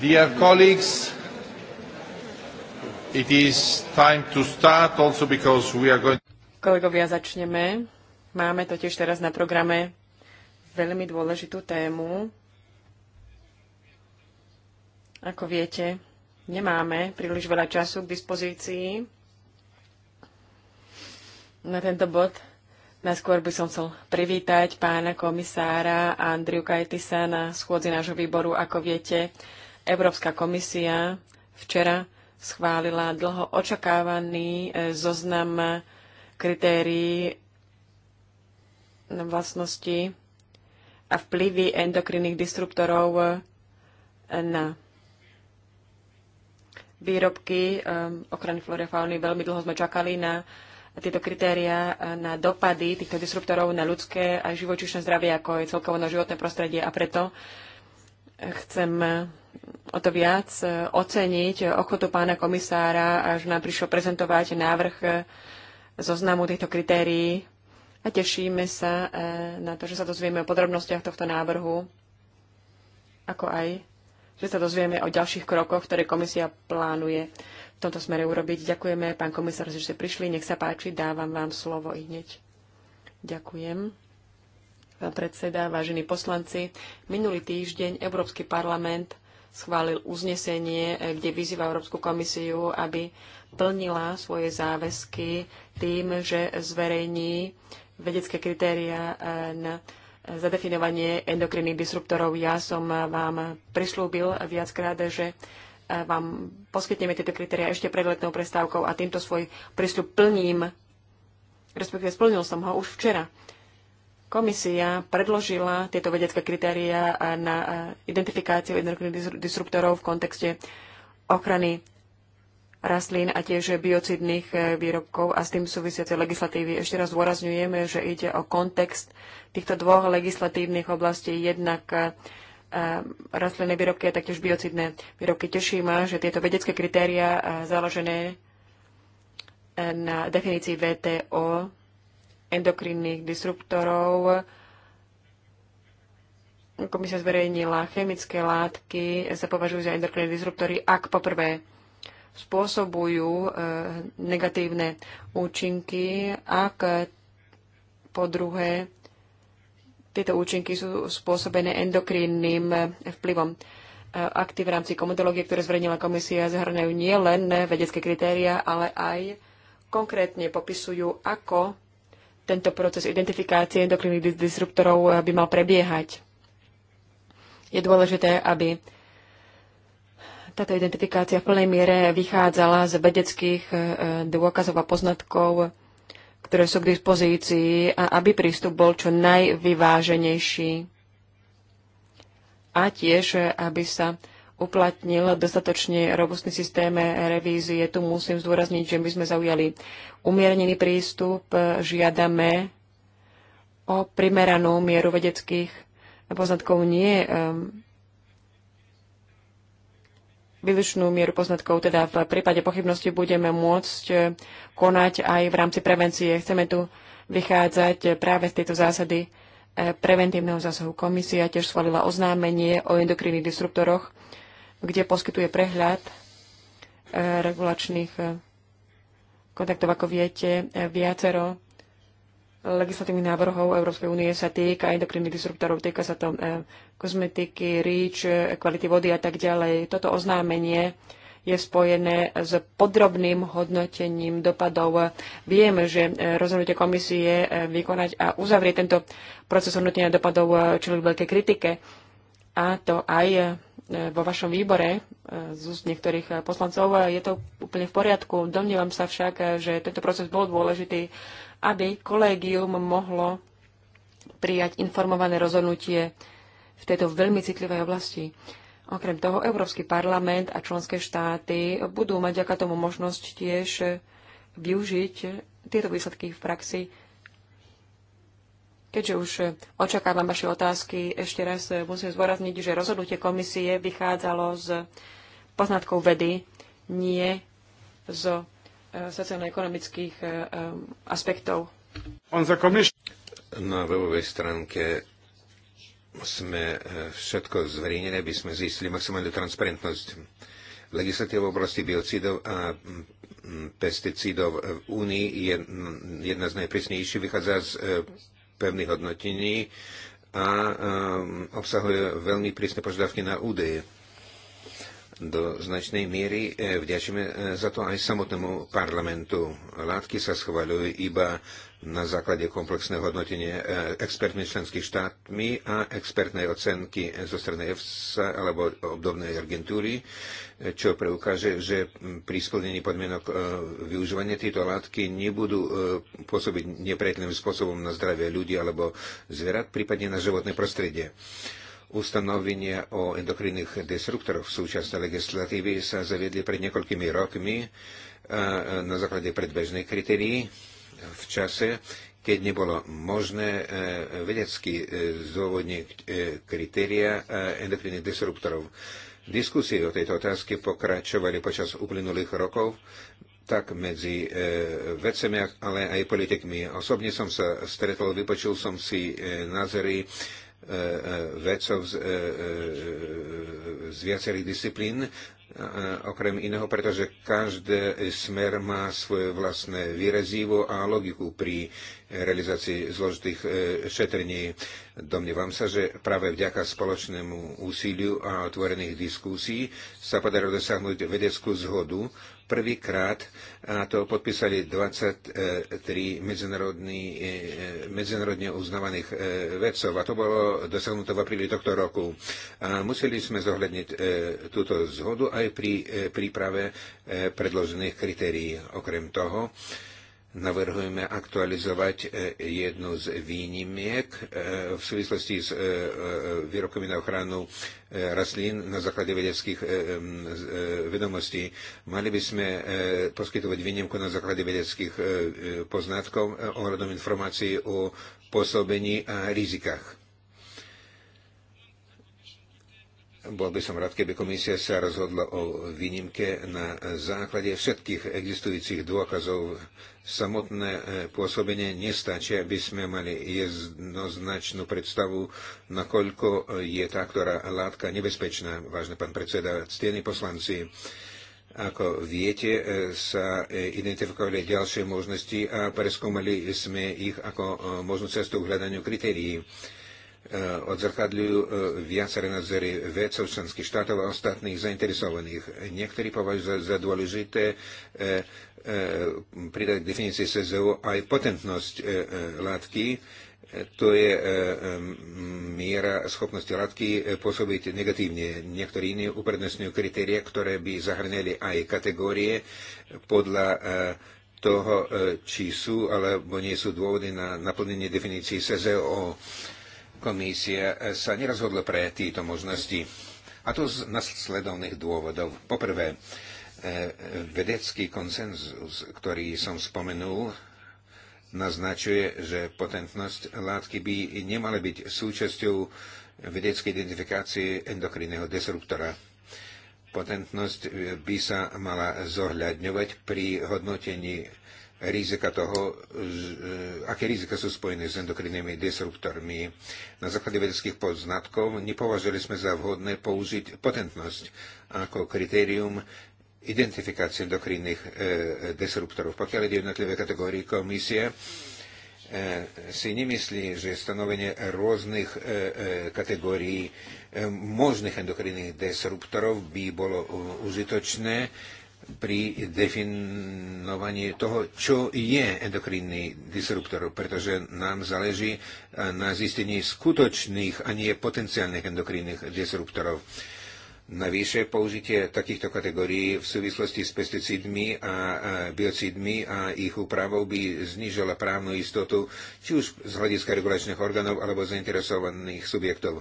Dear colleagues, it is time to start also because we are going... Kolegovia, začneme. Máme totiž teraz na programe veľmi dôležitú tému. Ako viete, nemáme príliš veľa času k dispozícii na tento bod Najskôr by som chcel privítať pána komisára Andriu Kajtisa na schôdzi nášho výboru. Ako viete, Európska komisia včera schválila dlho očakávaný e, zoznam kritérií vlastnosti a vplyvy endokrinných disruptorov e, na výrobky e, ochrany flóry a fauny. Veľmi dlho sme čakali na tieto kritéria e, na dopady týchto disruptorov na ľudské a živočíšne zdravie, ako je celkovo na životné prostredie. A preto chcem o to viac e, oceniť ochotu pána komisára, až nám prišlo prezentovať návrh e, zoznamu týchto kritérií a tešíme sa na to, že sa dozvieme o podrobnostiach tohto návrhu, ako aj, že sa dozvieme o ďalších krokoch, ktoré komisia plánuje v tomto smere urobiť. Ďakujeme, pán komisár, že ste prišli. Nech sa páči, dávam vám slovo i hneď. Ďakujem. Pán predseda, vážení poslanci, minulý týždeň Európsky parlament schválil uznesenie, kde vyzýva Európsku komisiu, aby plnila svoje záväzky tým, že zverejní vedecké kritéria eh, na zadefinovanie endokrinných disruptorov. Ja som vám prislúbil viackrát, že E, vám poskytneme tieto kritéria ešte pred letnou prestávkou a týmto svoj prístup plním, respektíve splnil som ho už včera. Komisia predložila tieto vedecké kritéria e, na e, identifikáciu endokrinných disruptorov v kontexte ochrany rastlín a tiež biocidných výrobkov a s tým súvisiacej legislatívy. Ešte raz zdôrazňujeme, že ide o kontext týchto dvoch legislatívnych oblastí, jednak rastlinné výrobky a taktiež biocidné výrobky. Teší ma, že tieto vedecké kritéria založené na definícii VTO endokrinných disruptorov komisia zverejnila chemické látky, sa považujú za endokrinné disruptory, ak poprvé spôsobujú e, negatívne účinky, ak po druhé tieto účinky sú spôsobené endokrinným eh, vplyvom. Eh, akty v rámci komodológie, ktoré zverejnila komisia, zahrňajú nielen vedecké kritéria, ale aj konkrétne popisujú, ako tento proces identifikácie endokrinných disruptorov eh, by mal prebiehať. Je dôležité, aby táto identifikácia v plnej miere vychádzala z vedeckých dôkazov a poznatkov ktoré sú k dispozícii a aby prístup bol čo najvyváženejší. A tiež, aby sa uplatnil dostatočne robustný systém revízie. Tu musím zdôrazniť, že my sme zaujali umiernený prístup, žiadame o primeranú mieru vedeckých poznatkov, nie um, výlučnú mieru poznatkov. Teda v prípade pochybnosti budeme môcť eh, konať aj v rámci prevencie. Chceme tu vychádzať eh, práve z tejto zásady eh, preventívneho zásahu. Komisia tiež schválila oznámenie o endokrinných disruptoroch, kde poskytuje prehľad regulačných kontaktov, ako viete, viacero legislatívnych návrhov Európskej únie sa týka endokrinných disruptorov, týka sa to e, kozmetiky, ríč, e, kvality vody a tak ďalej. Toto oznámenie je spojené s podrobným hodnotením dopadov. Vieme, že e, rozhodnutie komisie vykonať a uzavrieť tento proces hodnotenia dopadov čili veľké kritike. A to aj vo vašom výbore z úst niektorých poslancov. Je to úplne v poriadku. Domnievam sa však, že tento proces bol dôležitý aby kolégium mohlo prijať informované rozhodnutie v tejto veľmi citlivej oblasti. Okrem toho, Európsky parlament a členské štáty budú mať aká tomu možnosť tiež využiť tieto výsledky v praxi. Keďže už očakávam vaše otázky, ešte raz musím zvorazniť, že rozhodnutie komisie vychádzalo z poznatkov vedy, nie z sociálno-ekonomických eh, eh, aspektov. Na webovej stránke sme eh, všetko zverejnili, aby sme zistili maximálnu transparentnosť legislatíva v oblasti biocidov a mm, mm, pesticídov v Únii je mm, jedna z najprísnejších, vychádza z pevných hodnotení a obsahuje veľmi prísne požiadavky na údaje do značnej miery e, vďačíme e, za to aj samotnému parlamentu. Látky sa schvaľujú iba na základe komplexného hodnotenia e, expertmi členských štátmi a expertnej ocenky zo strany EFSA alebo obdobnej agentúry, čo preukáže, že pri splnení podmienok využívania tejto látky nebudú pôsobiť nepriateľným spôsobom na zdravie ľudí alebo zvierat, prípadne na životné prostredie ustanovenie o endokrinných destruktoroch v súčasnej legislatívy sa zaviedli pred niekoľkými rokmi e, na základe predbežnej kritérií v čase, keď nebolo možné e, vedecky e, zdôvodniť kritéria endokrinných disruptorov. Diskusie o tejto otázke pokračovali počas uplynulých rokov, tak medzi vedcami, ale aj politikmi. Osobne som sa stretol, vypočul som si názory E, e, vedcov z, e, z viacerých disciplín, okrem iného, pretože každý smer má svoje vlastné výrezivo a logiku pri realizácii zložitých šetrení. Domnievam sa, že práve vďaka spoločnému úsiliu a otvorených diskusí sa podarilo dosiahnuť vedeckú zhodu prvýkrát na to podpísali 23 e, medzinárodne uznávaných e, vedcov a to bolo dosiahnuté v apríli tohto roku. A museli sme zohľadniť e, túto zhodu aj pri príprave predložených kritérií. Okrem toho, Navrhujeme aktualizovať e, jednu z výnimiek e, v súvislosti s e, výrokami na ochranu rastlín na základe vedeckých vedomostí. Mali by sme poskytovať výnimku na základe vedeckých poznatkov ohľadom informácií o pôsobení a rizikách Bol by som rád, keby komisia sa rozhodla o výnimke na základe všetkých existujúcich dôkazov. Samotné e, pôsobenie nestačí, aby sme mali jednoznačnú predstavu, nakoľko je tá, ktorá látka nebezpečná. Vážne pán predseda, ctení poslanci, ako viete, e, sa e, identifikovali ďalšie možnosti a preskúmali sme ich ako možnú cestu k hľadaniu kritérií. E, odzrkadľujú e, viaceré nadzory vedcov členských štátov a ostatných zainteresovaných. Niektorí považujú za, za dôležité e, pridať k definícii SZO aj potentnosť látky, to je miera schopnosti látky pôsobiť negatívne. Niektorí iní uprednostňujú kritéria, ktoré by zahrňali aj kategórie podľa toho, či sú alebo nie sú dôvody na naplnenie definícií SZO. Komisia eh, sa nerozhodla pre tieto možnosti. A to z nasledovných dôvodov. Poprvé, eh, vedecký konsenzus, ktorý som spomenul, naznačuje, že potentnosť látky by nemala byť súčasťou vedeckej identifikácie endokrinného disruptora. Potentnosť eh, by sa mala zohľadňovať pri hodnotení rizika toho, e, aké rizika sú spojené s endokrinnými disruptormi. Na základe vedeckých poznatkov nepovažili sme za vhodné použiť potentnosť ako kritérium identifikácie endokrinných e, disruptorov. Pokiaľ ide jednotlivé kategórie komisie, e, si nemyslí, že stanovenie rôznych e, kategórií možných endokrinných disruptorov by bolo užitočné pri definovaní toho, čo je endokrinný disruptor, pretože nám záleží eh, na zistení skutočných a nie potenciálnych endokrinných disruptorov. Navyše použitie takýchto kategórií v súvislosti s pesticídmi a biocídmi a ich úpravou by znižila právnu istotu či už z hľadiska regulačných orgánov alebo zainteresovaných subjektov.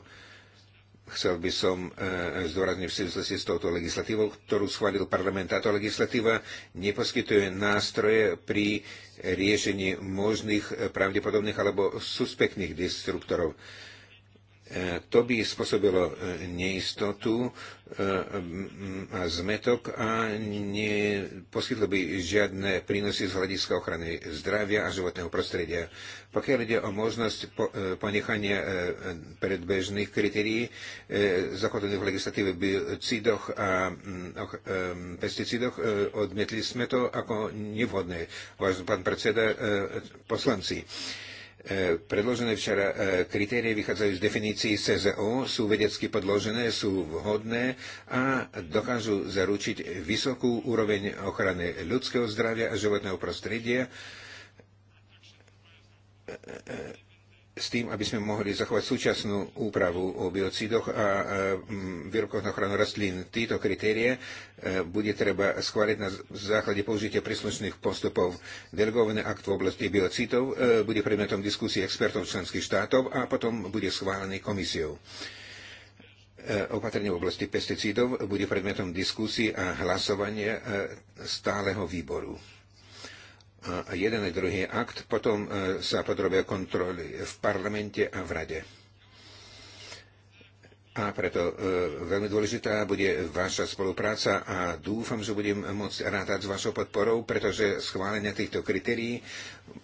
Chcel by som e, zdôrazniť v súvislosti s touto legislatívou, ktorú schválil parlament. Táto legislatíva neposkytuje nástroje pri riešení možných e, pravdepodobných alebo suspektných destruktorov. E, to by spôsobilo neistotu a e, zmetok a neposkytlo by žiadne prínosy z hľadiska ochrany zdravia a životného prostredia. Pokiaľ ide o možnosť e, ponechania e, predbežných kritérií zakotvených v legislatíve biocidoch a pesticidoch, odmietli sme to ako nevhodné, vážený pán predseda, poslanci. E, predložené včera kritérie vychádzajú z definícií CZO, sú vedecky podložené, sú vhodné a dokážu zaručiť vysokú úroveň ochrany ľudského zdravia a životného prostredia e, e, s tým, aby sme mohli zachovať súčasnú úpravu o biocidoch a mm, výrobkoch na ochranu rastlín. Títo kritérie e, bude treba schváliť na základe použitia príslušných postupov. Delegovaný akt v oblasti biocidov e, bude predmetom diskusie expertov členských štátov a potom bude schválený komisiou. E, opatrenie v oblasti pesticídov bude predmetom diskusie a hlasovania stáleho výboru a jeden aj druhý akt potom e, sa podrobia kontroly v parlamente a v rade. A preto e, veľmi dôležitá bude vaša spolupráca a dúfam, že budem môcť rátať s vašou podporou, pretože schválenia týchto kritérií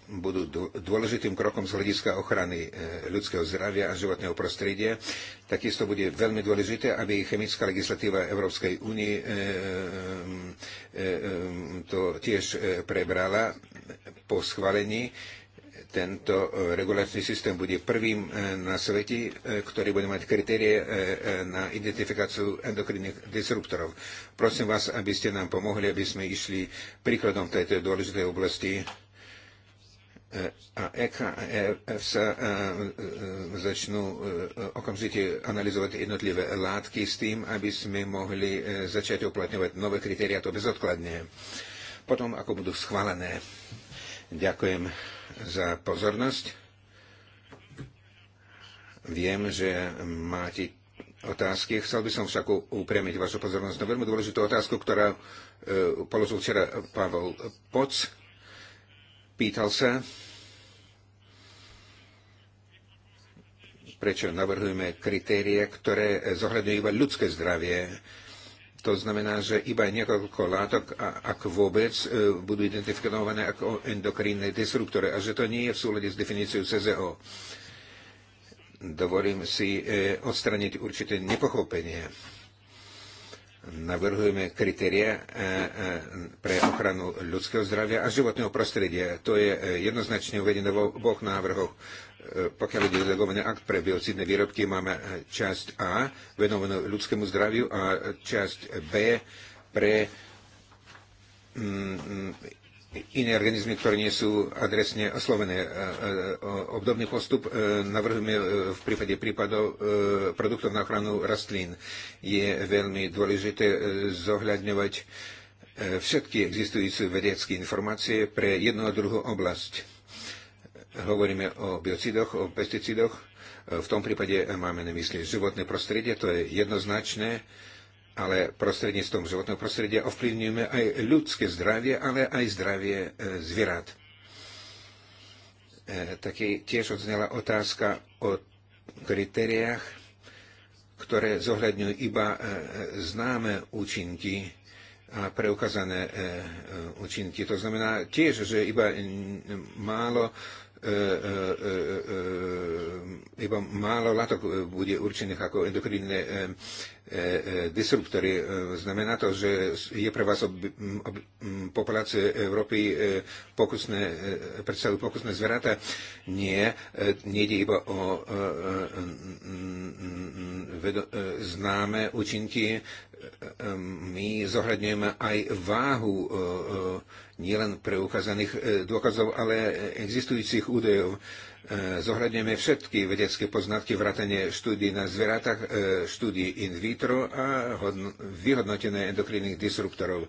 budú dôležitým krokom z hľadiska ochrany e, ľudského zdravia a životného prostredia. Takisto bude veľmi dôležité, aby chemická legislatíva Európskej únie e, e, e, e to tiež e, prebrala po schválení tento e, regulačný systém bude prvým e, na svete, e, ktorý bude mať kritérie na identifikáciu endokrinných disruptorov. Prosím vás, aby ste nám pomohli, aby sme išli príkladom v tejto dôležitej oblasti a EKF sa začnú okamžite analyzovať jednotlivé látky s tým, aby sme mohli začať uplatňovať nové kritéria, to bezodkladne. Potom, ako budú schválené. Ďakujem za pozornosť. Viem, že máte otázky. Chcel by som však upriamiť vašu pozornosť na veľmi dôležitú otázku, ktorá e, položil včera Pavel Poc. Pýtal sa, prečo navrhujeme kritérie, ktoré zohľadňujú iba ľudské zdravie to znamená, že iba niekoľko látok, ak vôbec, e, budú identifikované ako endokrinné disruptory a že to nie je v súlade s definíciou CZO. Dovolím si e, odstraniť určité nepochopenie. Navrhujeme kritéria e, pre ochranu ľudského zdravia a životného prostredia. To je jednoznačne uvedené v oboch návrhoch. E, pokiaľ ide delegovaný akt pre biocidné výrobky, máme časť A venovanú ľudskému zdraviu a časť B pre mm, mm, iné organizmy, ktoré nie sú adresne oslovené. E, e, obdobný postup navrhujeme v prípade prípadov produktov na ochranu rastlín. Je veľmi dôležité zohľadňovať všetky existujúce vedecké informácie pre jednu a druhú oblasť hovoríme o biocidoch, o pesticidoch, v tom prípade máme na mysli životné prostredie, to je jednoznačné, ale prostredníctvom životného prostredia ovplyvňujeme aj ľudské zdravie, ale aj zdravie e, zvierat. E, Také tiež odznela otázka o kritériách, ktoré zohľadňujú iba e, známe účinky a preukázané účinky. To znamená tiež, že iba málo E, e, e, iba málo látok bude určených ako endokrinné disruptory. Znamená to, že je pre vás ob, ob, populácie Európy pokusné, predstavu pokusné zvieratá? Nie, nejde iba o známe účinky. My zohľadňujeme aj váhu nielen preukázaných e, dôkazov, ale existujúcich údajov. E, Zohradneme všetky vedecké poznatky, vrátanie štúdí na zvieratách, e, štúdí in vitro a vyhodnotené endokrinných disruptorov.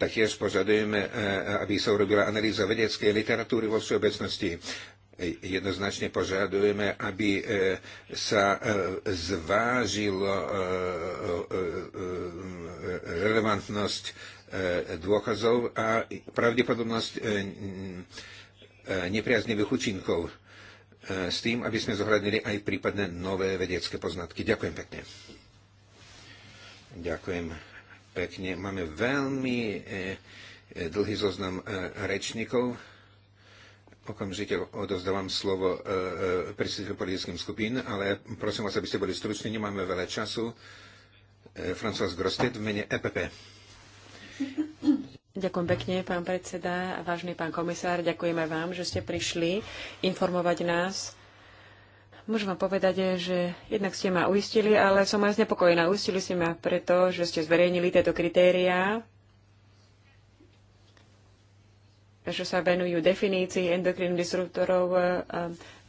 Taktiež požadujeme, aby sa urobila analýza vedeckej literatúry vo všeobecnosti. Jednoznačne požadujeme, aby sa zvážilo relevantnosť E, dôkazov a pravdepodobnosť e, e, nepriaznivých účinkov s tým, aby sme zohľadnili aj prípadne nové vedecké poznatky. Ďakujem pekne. Ďakujem pekne. Máme veľmi dlhý zoznam rečníkov. Okamžite odozdávam slovo predsedníkom politickým skupín, ale prosím vás, aby ste boli struční, nemáme veľa času. François Grostet v mene EPP. Ďakujem pekne, pán predseda a vážny pán komisár. Ďakujeme vám, že ste prišli informovať nás. Môžem vám povedať, že jednak ste ma uistili, ale som aj znepokojená. Uistili ste ma preto, že ste zverejnili tieto kritériá, že sa venujú definícii endokrinných disruptorov a,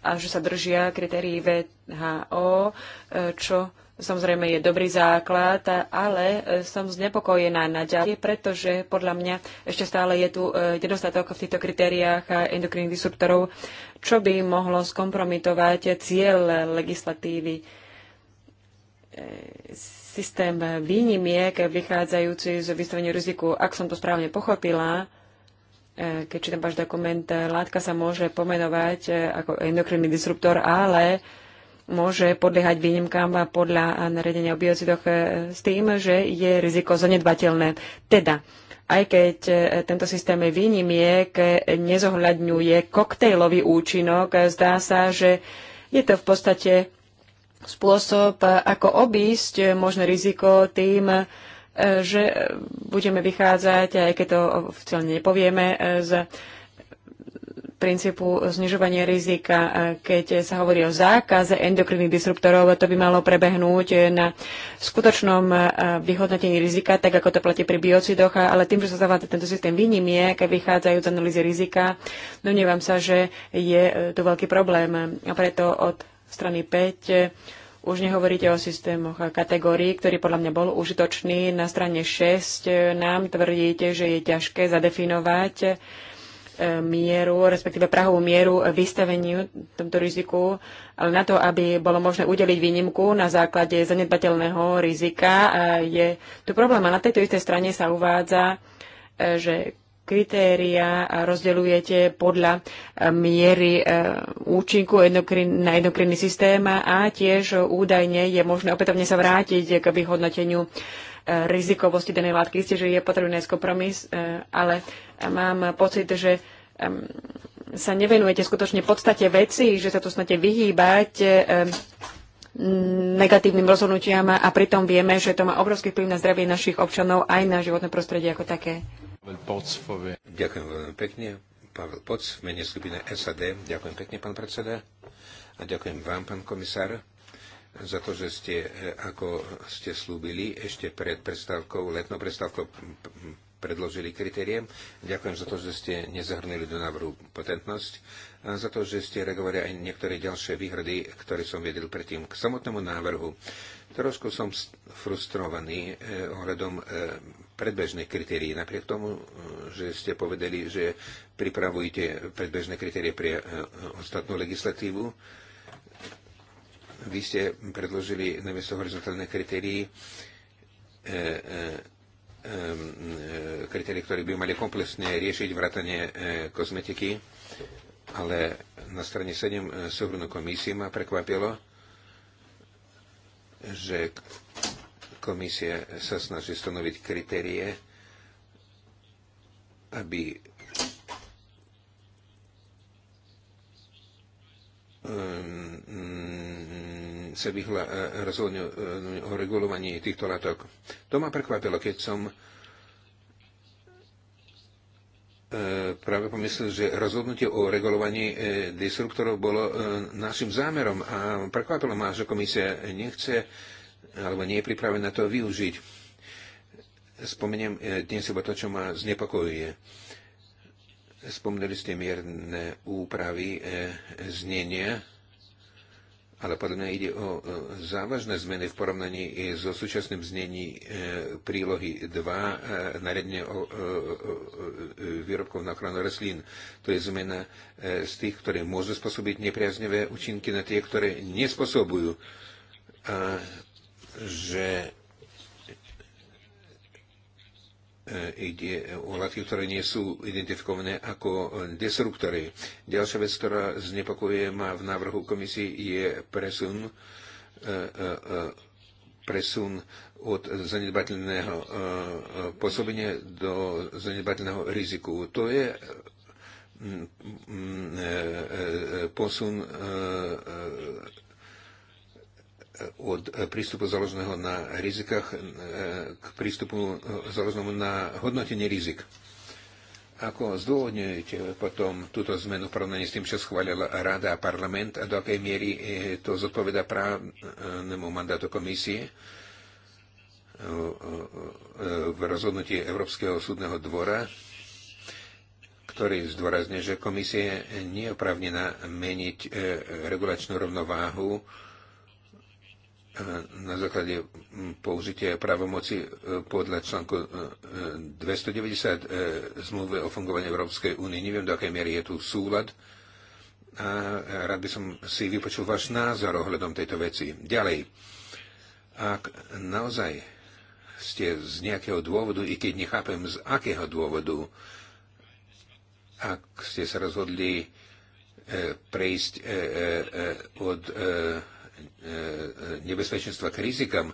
a že sa držia kritérií VHO, e, čo samozrejme je dobrý základ, ale e, som znepokojená naďalej, pretože podľa mňa ešte stále je tu e, nedostatok v týchto kritériách e, endokrinných disruptorov, čo by mohlo skompromitovať cieľ legislatívy. Systém výnimiek vychádzajúci z vystavenia riziku, ak som to správne pochopila, keď čítam váš dokument, látka sa môže pomenovať ako endokrinný disruptor, ale môže podliehať výnimkám podľa naredenia o biocidoch e, s tým, že je riziko zanedbateľné. Teda, aj keď e, tento systém výnimiek nezohľadňuje koktejlový účinok, zdá sa, že je to v podstate spôsob, ako obísť možné riziko tým, e, že budeme vychádzať, aj keď to oficiálne nepovieme, z princípu znižovania rizika. Keď sa hovorí o zákaze endokrinných disruptorov, to by malo prebehnúť na skutočnom e, vyhodnotení rizika, tak ako to platí pri biocidoch, ale tým, že sa zavádza tento systém keď vychádzajú z analýzy rizika, domnievam sa, že je e, tu veľký problém. A preto od strany 5 e, už nehovoríte o systémoch a kategórií, ktorý podľa mňa bol užitočný. Na strane 6 nám tvrdíte, že je ťažké zadefinovať mieru, respektíve prahovú mieru vystaveniu tomto riziku, ale na to, aby bolo možné udeliť výnimku na základe zanedbateľného rizika, je tu problém. A na tejto istej strane sa uvádza, e, že kritéria rozdeľujete podľa e, miery e, účinku na endokrinný systém a tiež údajne je možné opätovne sa vrátiť k vyhodnoteniu Eh, rizikovosti danej látky. Isté, že je potrebný kompromis, eh, ale mám pocit, že sa nevenujete skutočne podstate veci, že sa tu snete vyhýbať eh, negatívnym rozhodnutiam a pritom vieme, že to má obrovský vplyv na zdravie našich občanov aj na životné prostredie ako také. Ďakujem veľmi pekne. Pavel Poc, menej skupiny SAD. Ďakujem pekne, pán predseda. A ďakujem vám, pán komisár za to, že ste, e, ako ste slúbili, ešte pred prestávkou, letnou prestávkou predložili kritériem. Ďakujem za to, že ste nezahrnili do návrhu potentnosť a za to, že ste reagovali aj niektoré ďalšie výhrady, ktoré som vedel predtým k samotnému návrhu. Trošku som frustrovaný e, ohľadom e, predbežných kritérií. Napriek tomu, že ste povedali, že pripravujete predbežné kritérie pre ostatnú legislatívu, vy ste predložili namiesto horizontálne kritérií e, e, e, kritérii, ktoré by mali komplexne riešiť vrátanie kozmetiky, ale na strane 7 súhrnú komisie ma prekvapilo, že komisia sa snaží stanoviť kritérie, aby Ehm, ehm, sa vyhla e, rozhodne o regulovaní týchto látok. To ma prekvapilo, keď som e, práve pomyslel, že rozhodnutie o regulovaní e, disruptorov bolo našim zámerom a prekvapilo ma, že komisia nechce alebo nie je pripravená to využiť. Spomeniem dnes iba to, čo ma znepokojuje Spomínali ste mierne úpravy, e, znenia, ale podľa mňa ide o e, závažné zmeny v porovnaní e, so súčasným znení e, prílohy 2 e, naredne o e, e, e, výrobkov na ochranu rastlín. To je zmena e, z tých, ktoré môžu spôsobiť nepriaznivé účinky na tie, ktoré nespôsobujú. A že E, ide o látky, ktoré nie sú identifikované ako destruktory. Ďalšia vec, ktorá znepokojuje ma v návrhu komisie, je presun, e, e, presun od zanedbateľného pôsobenia do zanedbateľného riziku. To je posun od prístupu založeného na rizikách e, k prístupu založenému na hodnotenie rizik. Ako zdôvodňujete potom túto zmenu v porovnaní s tým, čo schválila Rada a parlament a do akej miery e, to zodpoveda právnemu mandátu komisie v rozhodnutí Európskeho súdneho dvora, ktorý zdôrazňuje, že komisie nie je oprávnená meniť e, regulačnú rovnováhu Eh, na základe mm, použitia právomoci eh, podľa článku 290 eh, zmluvy o fungovaní Európskej únie. Neviem, do akej miery je tu súlad. A rád by som si vypočul váš názor ohľadom tejto veci. Ďalej, ak naozaj ste z nejakého dôvodu, i keď nechápem z akého dôvodu, ak ste sa rozhodli prejsť od E, e, nebezpečenstva k rizikám,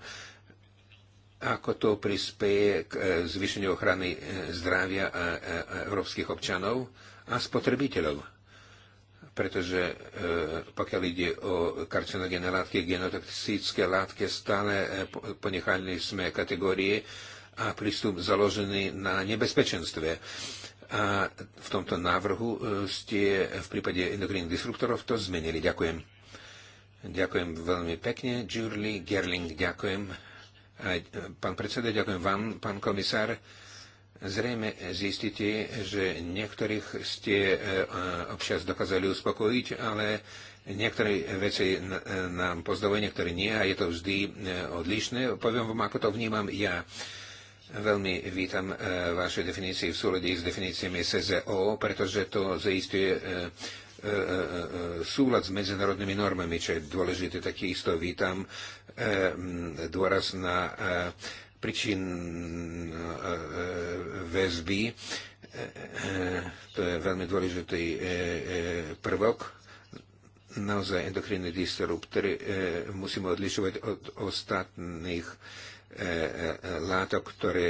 ako to prispieje k e, zvýšeniu ochrany zdravia európskych občanov a spotrebiteľov pretože pokiaľ ide o karcinogénne látky, genotoxické látky, stále ponechali sme kategórie a prístup založený na nebezpečenstve. A v tomto návrhu ste v prípade endokrinných disruptorov to zmenili. Ďakujem. Ďakujem veľmi pekne. Julie Gerling, ďakujem. Aj, e, pán predseda, ďakujem vám, pán komisár. Zrejme zistíte, že niektorých ste e, občas dokázali uspokojiť, ale niektoré veci e, nám pozdávajú, niektoré nie a je to vždy odlišné. Poviem vám, ako to vnímam ja. Veľmi vítam vaše definície v súlede s definíciami SZO, pretože to zaistuje E, e, e, súlad s medzinárodnými normami, čo je dôležité. isto vítam dôraz na príčin väzby. To je veľmi dôležitý prvok naozaj endokrinný disruptory e, musíme odlišovať od ostatných látok, ktoré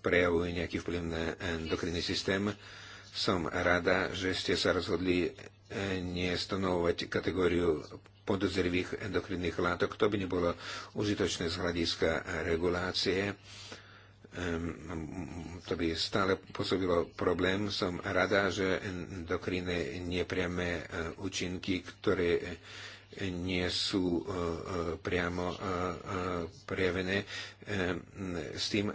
prejavujú nejaký vplyv na endokrinný systém. Som rada, že ste sa rozhodli eh, nestanovovať kategóriu podozrivých endokrinných látok. To by nebolo užitočné z hľadiska regulácie. To by stále pôsobilo problém. Som rada, že endokrinné nepriame eh, účinky, ktoré eh, nie sú e, e, priamo e, prejavené s tým,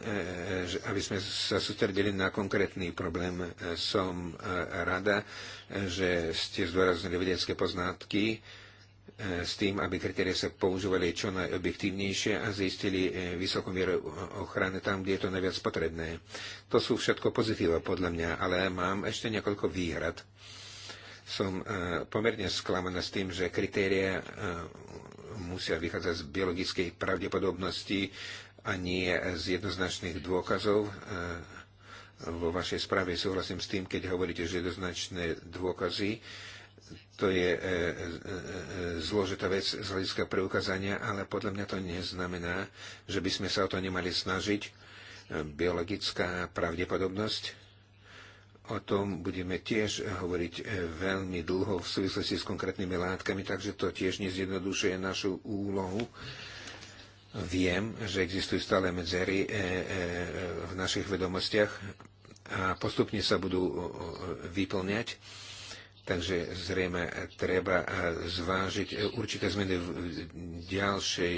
aby sme sa sústredili na konkrétny problém. Som rada, že ste zdôraznili vedecké poznatky s tým, aby kritérie sa používali čo najobjektívnejšie a zistili vysokú mieru ochrany tam, kde je to najviac potrebné. To sú všetko pozitíva podľa mňa, ale mám ešte niekoľko výhrad. Som e, pomerne sklamaná s tým, že kritéria e, musia vychádzať z biologickej pravdepodobnosti a nie z jednoznačných dôkazov. E, vo vašej správe súhlasím s tým, keď hovoríte, že jednoznačné dôkazy to je zložitá vec z hľadiska preukázania, ale podľa mňa to neznamená, že by sme sa o to nemali snažiť. Biologická pravdepodobnosť O tom budeme tiež hovoriť eh, veľmi dlho v súvislosti s konkrétnymi látkami, takže to tiež nezjednodušuje našu úlohu. Viem, že existujú stále medzery eh, eh, v našich vedomostiach a postupne sa budú vyplňať. Takže zrejme treba zvážiť určité zmeny v ďalšej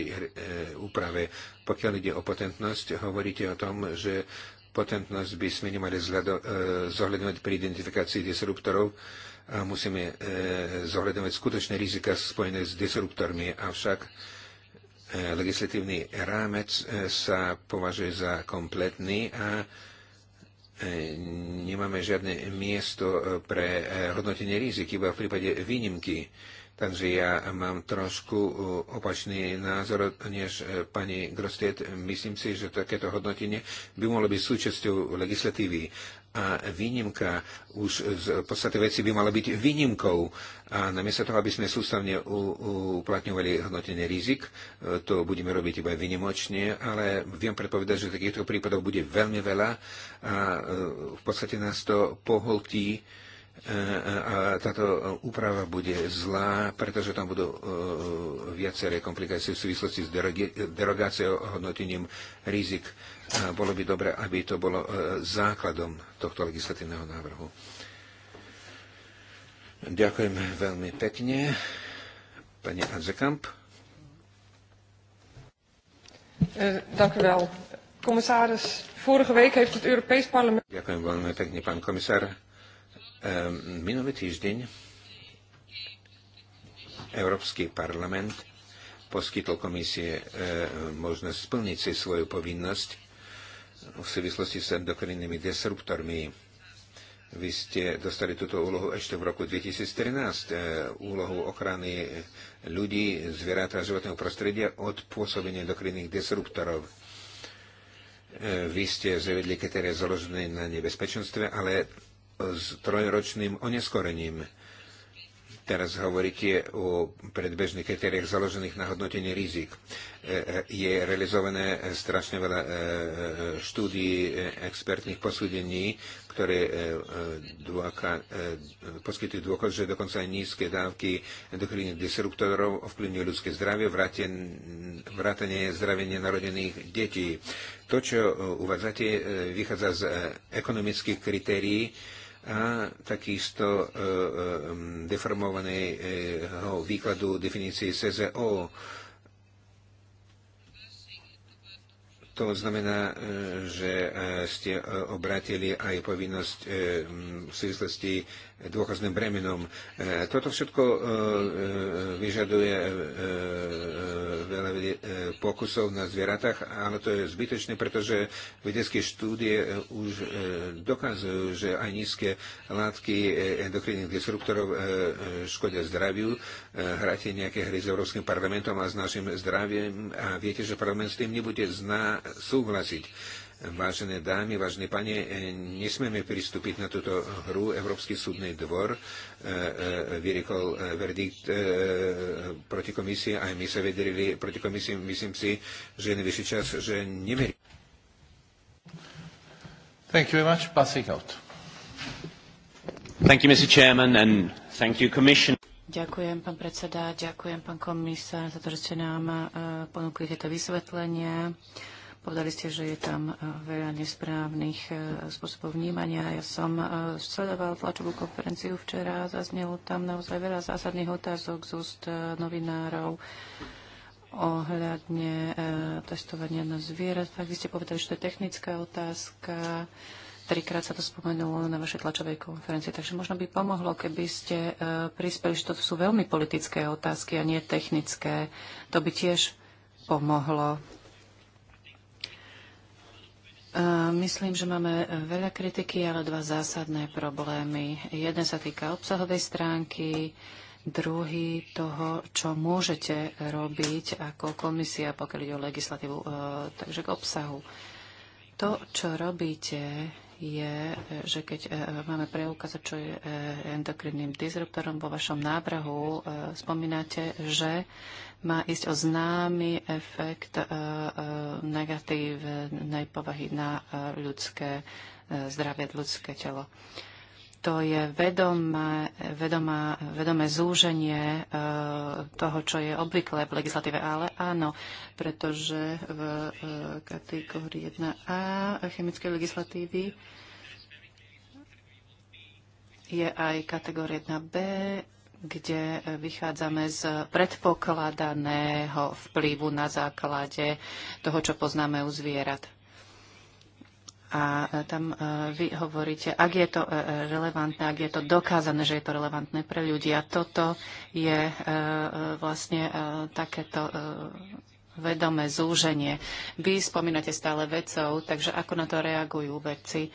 úprave. Pokiaľ ide o potentnosť, hovoríte o tom, že potentnosť by sme nemali zhľado, e, zohľadňovať pri identifikácii disruptorov a musíme e, zohľadňovať skutočné rizika spojené s disruptormi. Avšak e, legislatívny rámec sa považuje za kompletný a nemáme žiadne miesto pre hodnotenie rizik, iba v prípade výnimky Takže ja mám trošku uh, opačný názor než uh, pani Grostet. Myslím si, že takéto hodnotenie by mohlo byť súčasťou legislatívy. A výnimka už z podstate veci by mala byť výnimkou. A namiesto toho, aby sme sústavne uplatňovali hodnotenie rizik, uh, to budeme robiť iba vynimočne, ale viem predpovedať, že takýchto prípadov bude veľmi veľa a v podstate nás to poholtí E, e, a táto úprava bude zlá, pretože tam budú e, viaceré komplikácie v súvislosti s derogáciou hodnotením rizik. bolo by dobre, aby to bolo základom tohto legislatívneho návrhu. Ďakujem veľmi pekne. Pani Adzekamp. Dank u wel. Commissaris, vorige week heeft het Europees Parlement... Ďakujem veľmi pekne, pán komisár. Ehm, minulý týždeň Európsky parlament poskytol komisie ehm, možnosť splniť si svoju povinnosť v súvislosti s endokrinnými disruptormi. Vy ste dostali túto úlohu ešte v roku 2013, ehm, úlohu ochrany ľudí, zvierat a životného prostredia od pôsobenia endokrinných disruptorov. Vy ste zavedli kritéria založené na nebezpečenstve, ale s trojročným oneskorením. Teraz hovoríte o predbežných kritériách založených na hodnotení rizik. E, e, je realizované strašne veľa e, štúdií, expertných posúdení, ktoré dôka, poskytujú dôkaz, že dokonca aj nízke dávky endokrinných disruptorov ovplyvňujú ľudské zdravie, vrátanie zdravie nenarodených detí. To, čo uvádzate, vychádza z ekonomických kritérií, a takisto e, e, deformovaného výkladu definície CZO. To znamená, e, že ste obratili aj povinnosť v súvislosti dôkazným bremenom. E, toto všetko e, e, vyžaduje veľa pokusov na zvieratách, ale to je zbytočné, pretože vedecké štúdie už dokazujú, že aj nízke látky endokrinných disruptorov škodia zdraviu. Hráte nejaké hry s Európskym parlamentom a s našim zdravím a viete, že parlament s tým nebude zná súhlasiť Vážené dámy, vážne pani, e, nesmieme pristúpiť na túto hru. Európsky súdny dvor e, e, vyriekol verdikt proti komisii, aj my sa vedrili proti komisii. Myslím si, že je najvyšší čas, že neverí. Thank you very much. Passing out. Thank you, Mr. Chairman, and thank you, Commission. Ďakujem, pán predseda, ďakujem, pán komisár, za to, že ste nám ponúkli tieto vysvetlenia. Povedali ste, že je tam e, veľa nesprávnych e, spôsobov vnímania. Ja som e, sledoval tlačovú konferenciu včera, zaznelo tam naozaj veľa zásadných otázok z úst novinárov ohľadne testovania na zvieratách. Vy ste povedali, že to je technická otázka. Trikrát sa to spomenulo na vašej tlačovej konferencii, takže možno by pomohlo, keby ste prispeli, že toto sú veľmi politické otázky a nie technické. To by tiež pomohlo E, myslím, že máme veľa kritiky, ale dva zásadné problémy. Jeden sa týka obsahovej stránky, druhý toho, čo môžete robiť ako komisia, pokiaľ ide o legislatívu, e, takže k obsahu. To, čo robíte, je, že keď e, máme preukázať, čo je e, endokrinným disruptorom, vo vašom návrhu e, spomínate, že má ísť o známy efekt negatívnej povahy na ľudské zdravie, ľudské telo to je vedomé, vedomá, vedomé zúženie e, toho, čo je obvyklé v legislatíve. Ale áno, pretože v e, kategórii 1a chemickej legislatívy je aj kategórie 1b, kde vychádzame z predpokladaného vplyvu na základe toho, čo poznáme u zvierat a e, tam e, vy hovoríte, ak je to e, relevantné, ak je to dokázané, že je to relevantné pre ľudí. A toto je vlastne takéto vedomé zúženie. Vy spomínate stále vecov, takže ako na to reagujú vedci?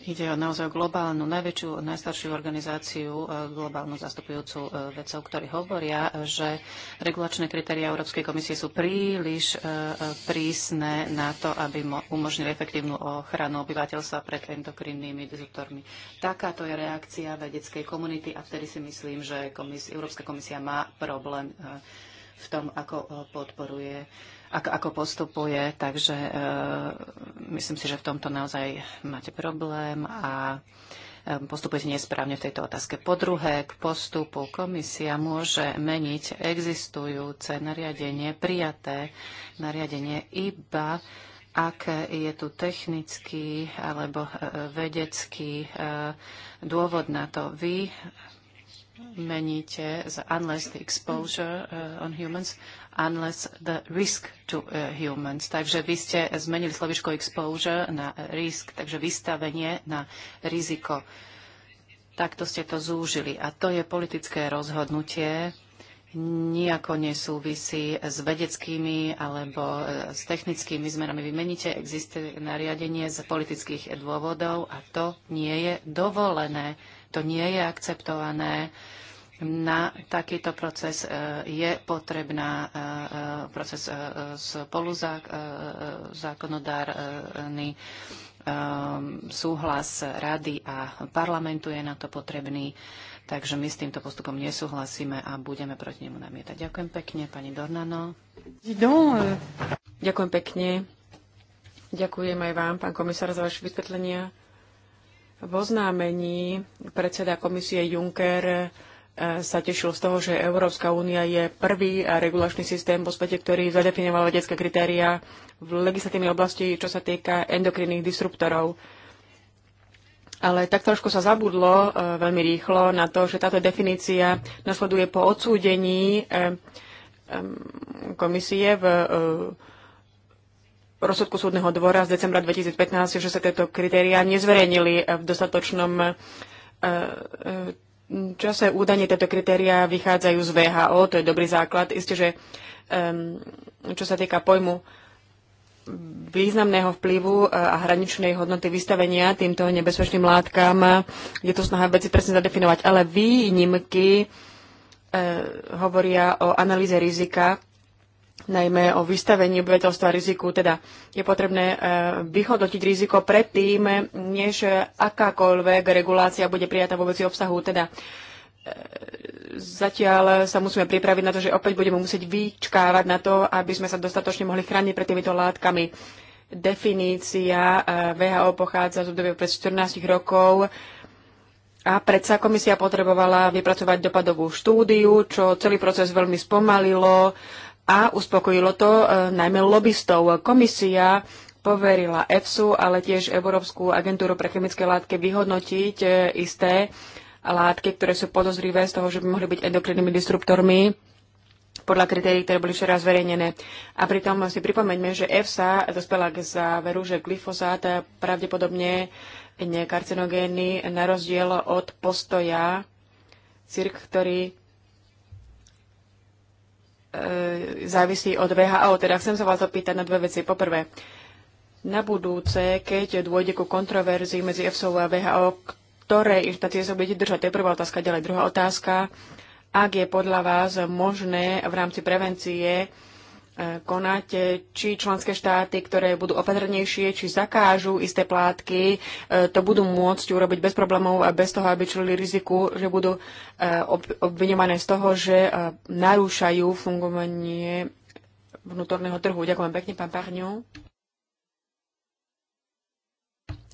Ide o naozaj globálnu, najväčšiu, najstaršiu organizáciu, e, globálnu zastupujúcu e, vedcov, ktorí hovoria, že regulačné kritéria Európskej komisie sú príliš e, prísne na to, aby umožnili efektívnu ochranu obyvateľstva pred endokrinnými disruptormi. Takáto je reakcia vedeckej komunity a vtedy si myslím, že komis, Európska komisia má problém v tom, ako podporuje ako, ako postupuje, takže e, myslím si, že v tomto naozaj máte problém a e, postupujete nesprávne v tejto otázke. Po druhé, k postupu komisia môže meniť existujúce nariadenie, prijaté nariadenie iba ak je tu technický alebo e, vedecký e, dôvod na to. Vy meníte za unless the exposure on humans unless the risk to eh, humans. Takže vy ste zmenili slovičko exposure na risk, takže vystavenie na riziko. Takto ste to zúžili. A to je politické rozhodnutie, nijako nesúvisí s vedeckými alebo eh, s technickými zmenami. Vymeníte existuje nariadenie z politických dôvodov a to nie je dovolené, to nie je akceptované. Uh, na takýto proces e, je potrebná e, e, proces spolu zákonodárny súhlas rady a parlamentu je na to potrebný. Takže my s týmto postupom nesúhlasíme a budeme proti nemu namietať. Ďakujem pekne, pani Dornano. Ďakujem pekne. Ďakujem aj vám, pán komisár, za vaše vysvetlenia. V oznámení predseda komisie Juncker sa tešil z toho, že Európska únia je prvý regulačný systém vo svete, ktorý zadefinoval detské kritéria v legislatívnej oblasti, čo sa týka endokrinných disruptorov. Ale tak trošku sa zabudlo e, veľmi rýchlo na to, že táto definícia nasleduje po odsúdení e, komisie v e, rozsudku súdneho dvora z decembra 2015, že sa tieto kritériá nezverejnili v dostatočnom čase údajne tieto kritéria vychádzajú z VHO, to je dobrý základ. Isté, že um, čo sa týka pojmu významného vplyvu eh, a hraničnej hodnoty vystavenia týmto nebezpečným látkam, je to snaha veci presne zadefinovať. Ale výnimky e, hovoria o analýze rizika najmä o vystavení obyvateľstva riziku. Teda je potrebné e, vyhodnotiť riziko predtým, než akákoľvek regulácia bude prijatá vo veci obsahu. Teda e, zatiaľ sa musíme pripraviť na to, že opäť budeme musieť vyčkávať na to, aby sme sa dostatočne mohli chrániť pred týmito látkami. Definícia e, VHO pochádza z obdobia pred 14 rokov a predsa komisia potrebovala vypracovať dopadovú štúdiu, čo celý proces veľmi spomalilo a uspokojilo to e, najmä lobbystov. Komisia poverila EFSU, ale tiež Európsku agentúru pre chemické látky vyhodnotiť e, isté látky, ktoré sú podozrivé z toho, že by mohli byť endokrinnými disruptormi podľa kritérií, ktoré boli včera zverejnené. A pritom si pripomeňme, že EFSA dospela k záveru, že glyfosát pravdepodobne nie na rozdiel od postoja CIRK, ktorý E, závisí od VHO. Teda chcem sa vás opýtať na dve veci. Poprvé, na budúce, keď dôjde ku kontroverzii medzi EFSO a VHO, ktoré inštancie sa budete držať? To je prvá otázka. Ďalej druhá otázka. Ak je podľa vás možné v rámci prevencie E, konať, e, či členské štáty, ktoré budú opatrnejšie, či zakážu isté plátky, e, to budú môcť urobiť bez problémov a bez toho, aby čelili riziku, že budú obviňované z toho, že narúšajú fungovanie vnútorného trhu. Ďakujem pekne, pán Parňu.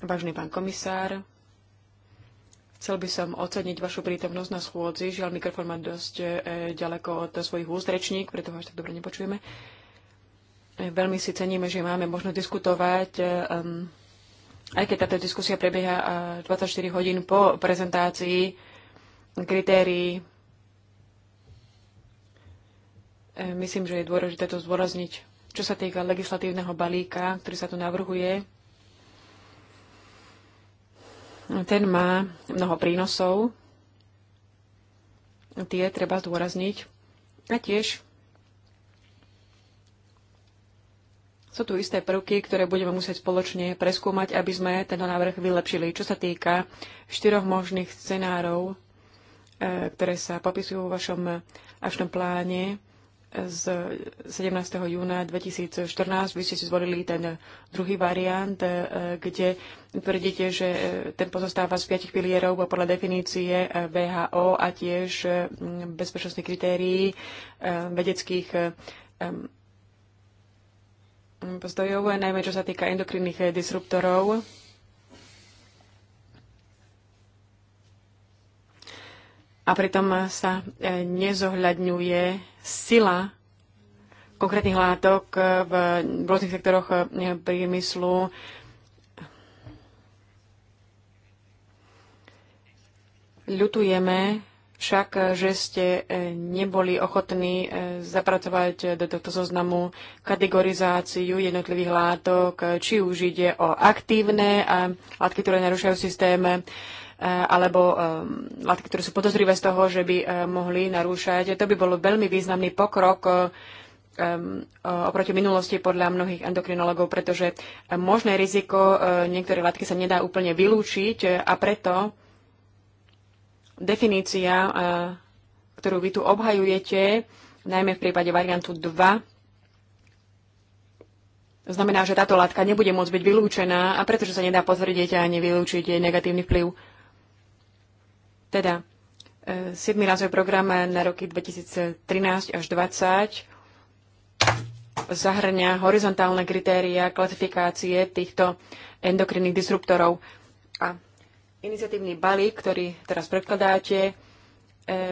Vážny pán komisár. Chcel by som oceniť vašu prítomnosť na schôdzi. Žiaľ, mikrofon má dosť e, ďaleko od svojich ústrečník, preto ho až tak dobre nepočujeme. E, veľmi si ceníme, že máme možnosť diskutovať, e, um, aj keď táto diskusia prebieha 24 e, hodín po prezentácii kritérií. E, myslím, že je dôležité to zdôrazniť. Čo sa týka legislatívneho balíka, ktorý sa tu navrhuje, ten má mnoho prínosov, tie treba zdôrazniť. A tiež sú tu isté prvky, ktoré budeme musieť spoločne preskúmať, aby sme tento návrh vylepšili. Čo sa týka štyroch možných scenárov, e, ktoré sa popisujú vo vašom akčnom pláne, z 17. júna 2014. Vy ste si zvolili ten druhý variant, e, kde tvrdíte, že e, ten pozostáva z piatich pilierov podľa definície e, VHO a tiež bezpečnostných kritérií vedeckých postojov, najmä čo sa týka endokrinných disruptorov a pritom sa e, nezohľadňuje sila konkrétnych látok e, v rôznych sektoroch e, priemyslu. Ľutujeme však, že ste neboli ochotní zapracovať do tohto zoznamu kategorizáciu jednotlivých látok, či už ide o aktívne látky, ktoré narušajú systém Eh, alebo ehm, látky, ktoré sú podozrivé z toho, že by eh, mohli narúšať. To by bol veľmi významný pokrok eh, ehm, oproti minulosti podľa mnohých endokrinológov, pretože možné riziko niektoré látky sa nedá úplne vylúčiť a preto definícia, ktorú vy tu obhajujete, najmä v prípade variantu 2, znamená, že táto látka nebude môcť byť vylúčená a pretože sa nedá pozrieť a nevylúčiť jej negatívny vplyv. Teda 7. E, rázový program na roky 2013 až 2020 zahrňa horizontálne kritéria klasifikácie týchto endokrinných disruptorov. A iniciatívny balík, ktorý teraz predkladáte, e,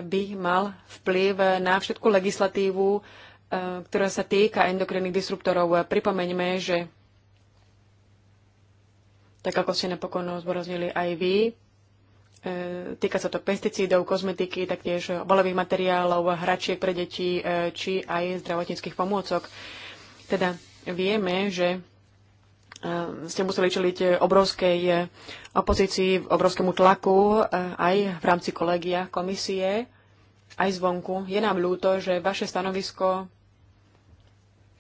by mal vplyv na všetku legislatívu, e, ktorá sa týka endokrinných disruptorov. Pripomeňme, že tak ako ste napokon zborozili aj vy, E, týka sa to pesticídov, kozmetiky, taktiež obalových materiálov, hračiek pre deti e, či aj zdravotníckých pomôcok. Teda vieme, že e, ste museli čeliť obrovskej opozícii, obrovskému tlaku aj v rámci kolegia komisie, aj zvonku. Je nám ľúto, že vaše stanovisko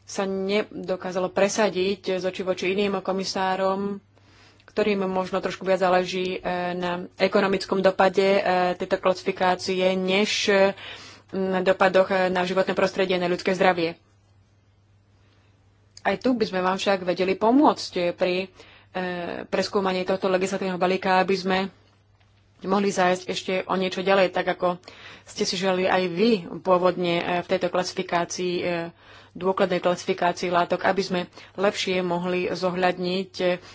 sa nedokázalo presadiť z oči voči iným komisárom, ktorým možno trošku viac záleží e, na ekonomickom dopade e, tejto klasifikácie, než e, na dopadoch na životné prostredie, na ľudské zdravie. Aj tu by sme vám však vedeli pomôcť pri preskúmaní tohto legislatívneho balíka, aby sme mohli zájsť ešte o niečo ďalej, tak ako ste si želi aj vy pôvodne v tejto klasifikácii dôkladnej klasifikácii látok, aby sme lepšie mohli zohľadniť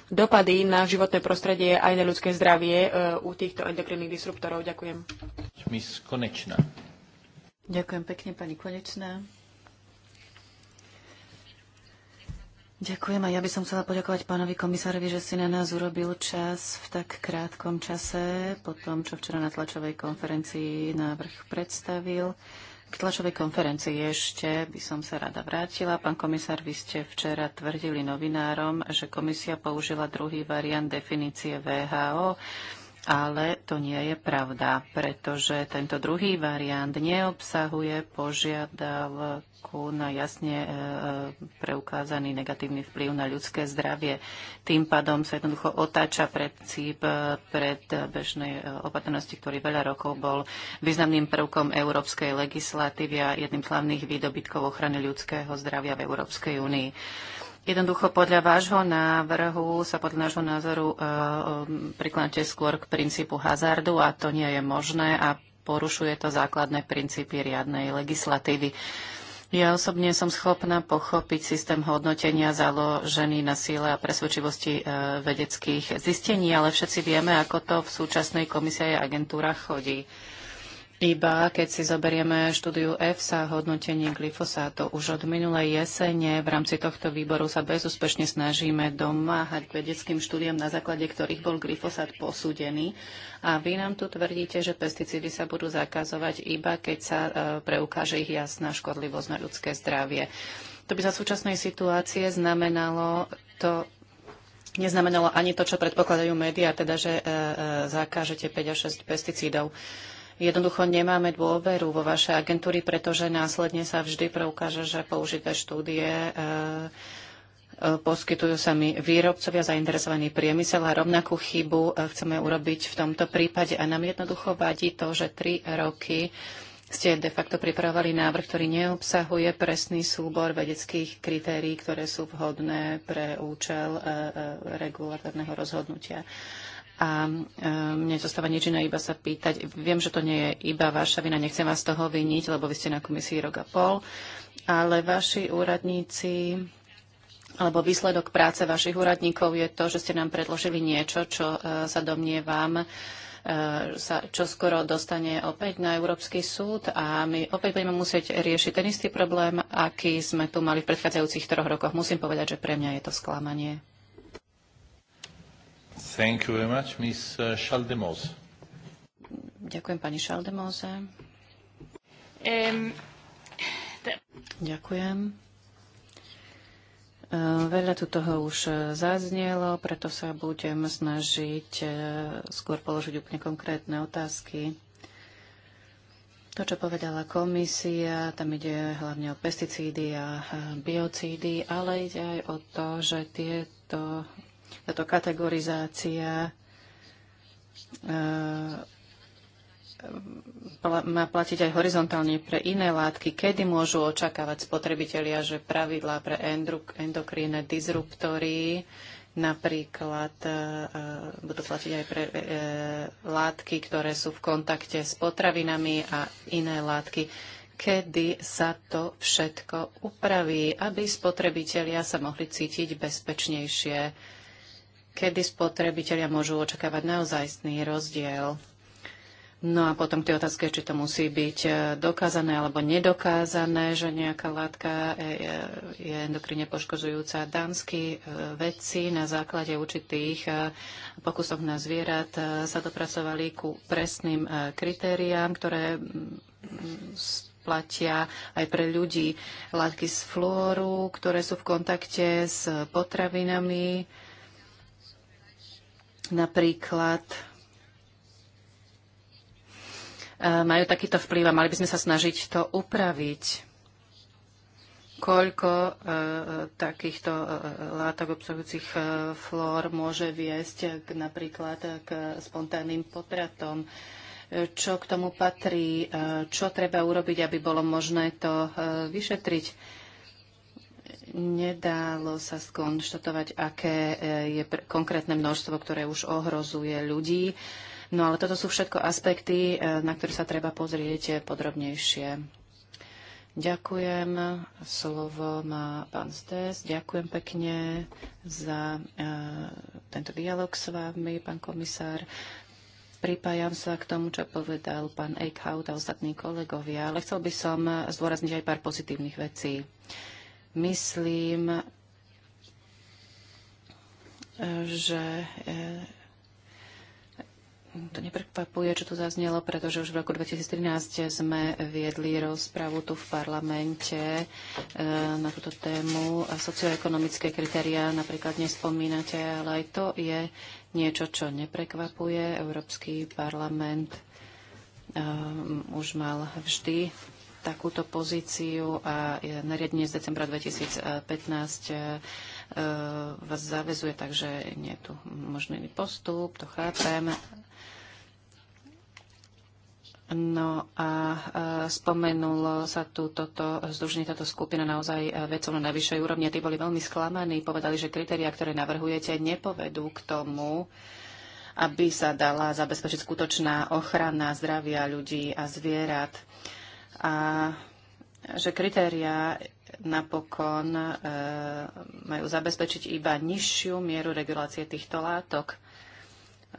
dopady na životné prostredie aj na ľudské zdravie e, u týchto endokrinných disruptorov. Ďakujem. Miss Konečná. Ďakujem pekne, pani Konečná. Ďakujem a ja by som chcela poďakovať pánovi komisárovi, že si na nás urobil čas v tak krátkom čase, po tom, čo včera na tlačovej konferencii návrh predstavil. K tlačovej konferencii ešte by som sa rada vrátila. Pán komisár, vy ste včera tvrdili novinárom, že komisia použila druhý variant definície VHO ale to nie je pravda, pretože tento druhý variant neobsahuje požiadavku na jasne e, e, preukázaný negatívny vplyv na ľudské zdravie. Tým pádom sa jednoducho otáča princíp e, bežnej opatrnosti, ktorý veľa rokov bol významným prvkom európskej legislatívy a jedným z hlavných výdobytkov ochrany ľudského zdravia v Európskej únii. Jednoducho podľa vášho návrhu sa podľa nášho názoru e, e, prikláňte skôr k princípu hazardu a to nie je možné a porušuje to základné princípy riadnej legislatívy. Ja osobne som schopná pochopiť systém hodnotenia založený na síle a presvedčivosti e, vedeckých zistení, ale všetci vieme, ako to v súčasnej komisie a agentúrach chodí. Iba keď si zoberieme štúdiu EFSA hodnotenie glyfosátu, už od minulej jesene v rámci tohto výboru sa bezúspešne snažíme domáhať vedeckým štúdiam, na základe ktorých bol glyfosát posúdený. A vy nám tu tvrdíte, že pesticídy sa budú zakazovať iba keď sa e, preukáže ich jasná škodlivosť na ľudské zdravie. To by za súčasnej situácie znamenalo to, neznamenalo ani to, čo predpokladajú médiá, teda že e, e, zakážete 5 až 6 pesticídov. Jednoducho nemáme dôveru vo vaše agentúry, pretože následne sa vždy preukáže, že použité štúdie e, e, poskytujú sami výrobcovia, zainteresovaný priemysel a rovnakú chybu e, chceme urobiť v tomto prípade. A nám jednoducho vadí to, že tri roky ste de facto pripravovali návrh, ktorý neobsahuje presný súbor vedeckých kritérií, ktoré sú vhodné pre účel e, e, regulatórneho rozhodnutia. A e, mne zostáva nič iné, iba sa pýtať. Viem, že to nie je iba vaša vina, nechcem vás z toho viniť, lebo vy ste na komisii rok a pol, ale vaši úradníci alebo výsledok práce vašich úradníkov je to, že ste nám predložili niečo, čo e, sa domnievam, e, sa skoro dostane opäť na Európsky súd a my opäť budeme musieť riešiť ten istý problém, aký sme tu mali v predchádzajúcich troch rokoch. Musím povedať, že pre mňa je to sklamanie. Thank you very much, Ms. Uh, Schaldemose. Ďakujem pani Šaldemose. Um, Ďakujem. E, veľa tu toho už e, zaznelo, preto sa budem snažiť e, skôr položiť úplne konkrétne otázky. To, čo povedala komisia, tam ide hlavne o pesticídy a biocídy, ale ide aj o to, že tieto táto kategorizácia e, má platiť aj horizontálne pre iné látky, kedy môžu očakávať spotrebitelia, že pravidlá pre endokrínne disruptory napríklad e, e, budú platiť aj pre látky, ktoré sú v kontakte s potravinami a iné látky, kedy sa to všetko upraví, aby spotrebitelia sa mohli cítiť bezpečnejšie kedy spotrebitelia môžu očakávať naozajstný rozdiel. No a potom k tej otázke, či to musí byť eh, dokázané alebo nedokázané, že nejaká látka eh, eh, je endokrine poškozujúca. Dánsky vedci na základe určitých pokusov na zvierat sa dopracovali ku presným kritériám, ktoré mm, platia aj pre ľudí látky z flóru, ktoré sú v kontakte s potravinami, napríklad e, majú takýto vplyv a mali by sme sa snažiť to upraviť. Koľko e, e takýchto e, látok obsahujúcich flór môže viesť k, napríklad k spontánnym potratom? Čo k tomu patrí? Čo treba urobiť, aby bolo možné to vyšetriť? nedalo sa skonštatovať, aké eh, je konkrétne množstvo, ktoré už ohrozuje ľudí. No ale toto sú všetko aspekty, eh, na ktoré sa treba pozrieť eh, podrobnejšie. Ďakujem. Slovo má pán Stes. Ďakujem pekne za e, tento dialog s vami, pán komisár. Pripájam sa k tomu, čo povedal pán Eichhout a ostatní kolegovia, ale chcel by som zdôrazniť aj pár pozitívnych vecí. E, Myslím, e, že e, to neprekvapuje, čo tu zaznelo, pretože už v roku 2013 sme viedli rozpravu tu v parlamente e, na túto tému. A socioekonomické kritériá napríklad nespomínate, ale aj to je niečo, čo neprekvapuje. Európsky parlament už mal vždy takúto pozíciu a nariadenie z decembra 2015 e, vás zavezuje, takže nie je tu možný postup, to chápem. No a e, spomenulo sa tu toto združenie, táto skupina naozaj e, vecov na najvyššej úrovni. Tí boli veľmi sklamaní, povedali, že kritéria, ktoré navrhujete, nepovedú k tomu, aby sa dala zabezpečiť skutočná ochrana zdravia ľudí a zvierat a že kritériá napokon e, majú zabezpečiť iba nižšiu mieru regulácie týchto látok.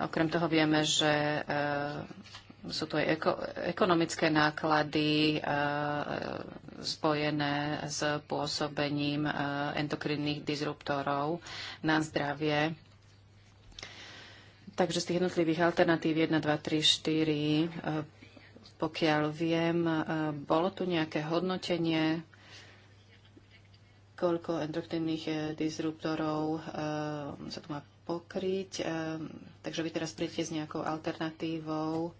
Okrem toho vieme, že e, sú tu aj eko, ekonomické náklady e, spojené s pôsobením e, endokrinných disruptorov na zdravie. Takže z tých jednotlivých alternatív 1, 2, 3, 4 e, pokiaľ viem, e, bolo tu nejaké hodnotenie, koľko endokrinných e, disruptorov e, sa tu má pokryť. Takže vy teraz príjete s nejakou alternatívou.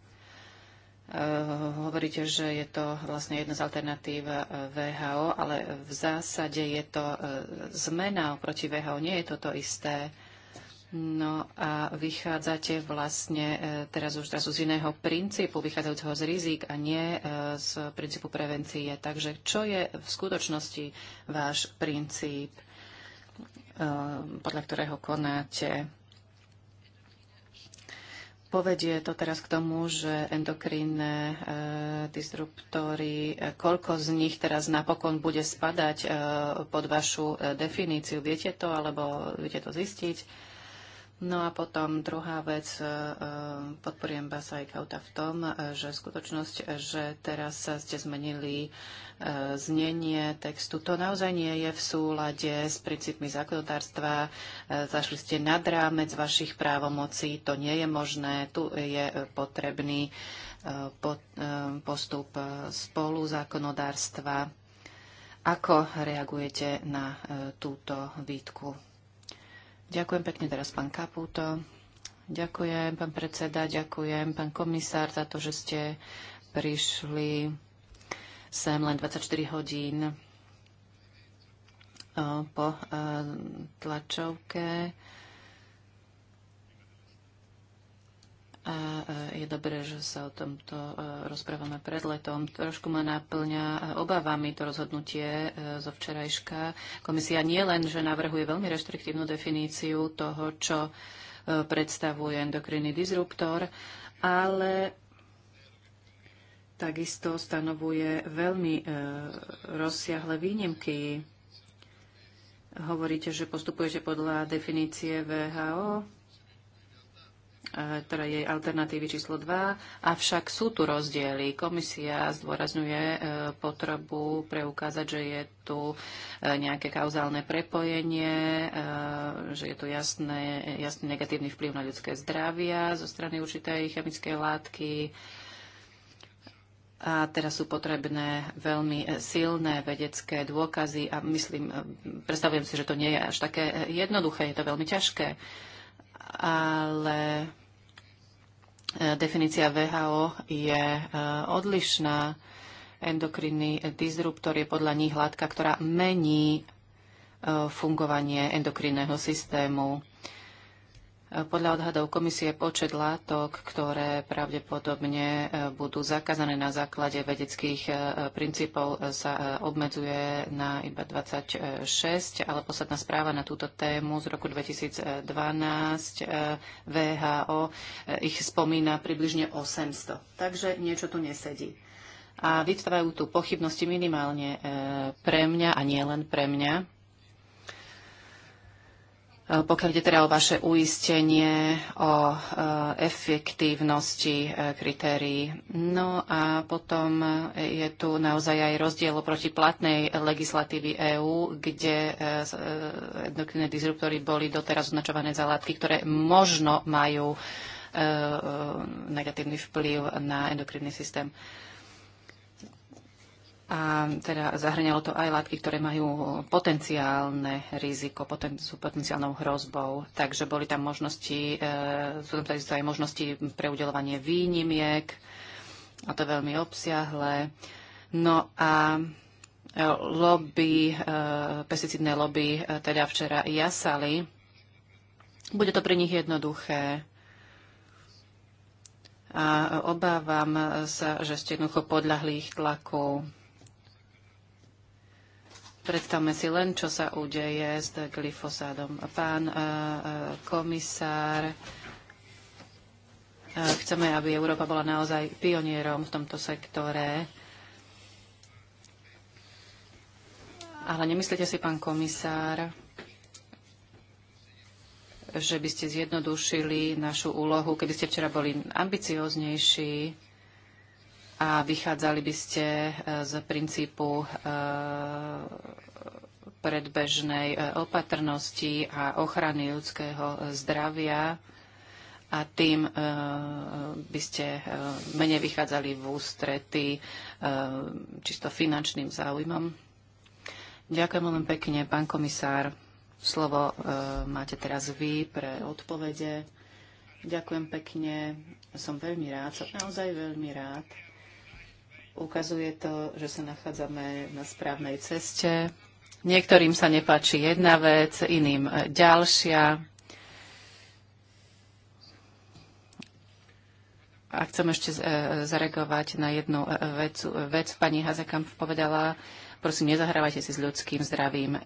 Hovoríte, že je to vlastne jedna z alternatív VHO, ale v zásade je to zmena oproti VHO. Nie je to to isté. No a vychádzate vlastne e, teraz už teraz z iného princípu, vychádzajúceho z rizik a nie e, z princípu prevencie. Takže čo je v skutočnosti váš princíp, e, podľa ktorého konáte? Povedie to teraz k tomu, že endokrinné disruptory, koľko z nich teraz napokon bude spadať pod vašu definíciu? Viete to alebo viete to zistiť? No a potom druhá vec, e, e, podporujem vás aj Kauta v tom, e, že skutočnosť, že teraz ste zmenili znenie textu, to naozaj nie je v súlade s princípmi zákonodárstva. Zašli ste nad rámec vašich právomocí, to nie je možné, tu je potrebný postup spolu zákonodárstva. Ako reagujete na túto výtku? Ďakujem pekne teraz pán Kaputo. Ďakujem, pán predseda, ďakujem, pán komisár, za to, že ste prišli sem len 24 hodín eh, po eh, tlačovke. a je dobré, že sa o tomto e, rozprávame pred letom. Trošku ma naplňa e, obavami to rozhodnutie e, zo včerajška. Komisia nie len, že navrhuje veľmi reštriktívnu definíciu toho, čo predstavuje endokrinný disruptor, ale takisto stanovuje veľmi rozsiahle výnimky. Hovoríte, že postupujete podľa definície VHO E, teda jej alternatívy číslo 2. Avšak sú tu rozdiely. Komisia zdôrazňuje e, potrebu preukázať, že je tu e, nejaké kauzálne prepojenie, že je tu jasné, jasný negatívny vplyv na ľudské zdravia zo strany určitej chemickej látky. A teraz sú potrebné veľmi silné vedecké dôkazy a myslím, predstavujem si, že to nie je až také jednoduché, je to veľmi ťažké. Ale Eh, definícia VHO je eh, odlišná. Endokrinný disruptor je podľa nich látka, ktorá mení eh, fungovanie endokrinného systému. Podľa odhadov komisie počet látok, ktoré pravdepodobne e, budú zakázané na základe vedeckých e, princípov, e, sa obmedzuje na iba 26, ale posledná správa na túto tému z roku 2012 VHO ich spomína približne 800. Takže niečo tu nesedí. A vytvárajú tu pochybnosti minimálne pre mňa a nie len pre mňa, Eh, pokiaľ ide teda o vaše uistenie o eh, efektívnosti eh, kritérií. No a potom je tu naozaj aj rozdiel oproti platnej legislatívy EÚ, kde jednotlivé disruptory boli doteraz označované za látky, ktoré možno majú negatívny vplyv na endokrinný systém a teda zahrňalo to aj látky, ktoré majú potenciálne riziko, poten, sú potenciálnou hrozbou. Takže boli tam možnosti, e, sú tam takisto aj možnosti pre udelovanie výnimiek, a to veľmi obsiahle. No a e, lobby, e, pesticidné lobby e, teda včera jasali. Bude to pre nich jednoduché. A obávam sa, že ste jednoducho podľahli ich tlaku. Predstavme si len, čo sa udeje s glyfosádom. Pán eh, eh, komisár, eh, chceme, aby Európa bola naozaj pionierom v tomto sektore. Ale nemyslíte si, pán komisár, že by ste zjednodušili našu úlohu, keby ste včera boli ambicioznejší a vychádzali by ste e, z princípu e, predbežnej e, opatrnosti a ochrany ľudského zdravia a tým by ste menej vychádzali v ústrety čisto finančným záujmom. Ďakujem veľmi pekne, pán komisár. Slovo máte teraz vy pre odpovede. Ďakujem pekne. Som veľmi rád, som naozaj veľmi rád, Ukazuje to, že sa nachádzame na správnej ceste. Niektorým sa nepáči jedna vec, iným ďalšia. A chcem ešte e, zareagovať na jednu e, vec. vec pani Hazekamp povedala, prosím, nezahrávajte si s ľudským zdravím.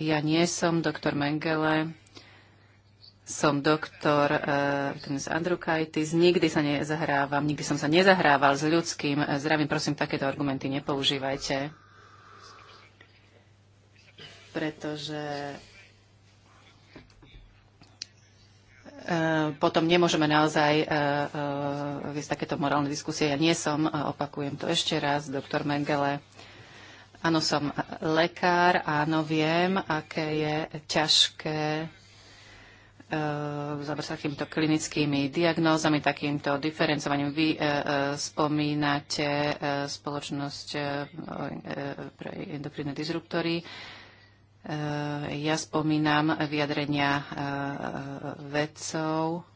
Ja nie som doktor Mengele, som doktor z eh, Andrukaitis. Nikdy sa nezahrávam, nikdy som sa nezahrával s ľudským eh, zdravím. Prosím, takéto argumenty nepoužívajte. Pretože eh, potom nemôžeme naozaj viesť takéto morálne diskusie. Ja nie som, opakujem to ešte raz, doktor Mengele. Áno, som lekár, áno, viem, aké je ťažké E, zabrať takýmito klinickými diagnózami, takýmto diferencovaním. Vy e, e, spomínate spoločnosť pre endokrinné disruptory. Ja spomínam vyjadrenia vedcov,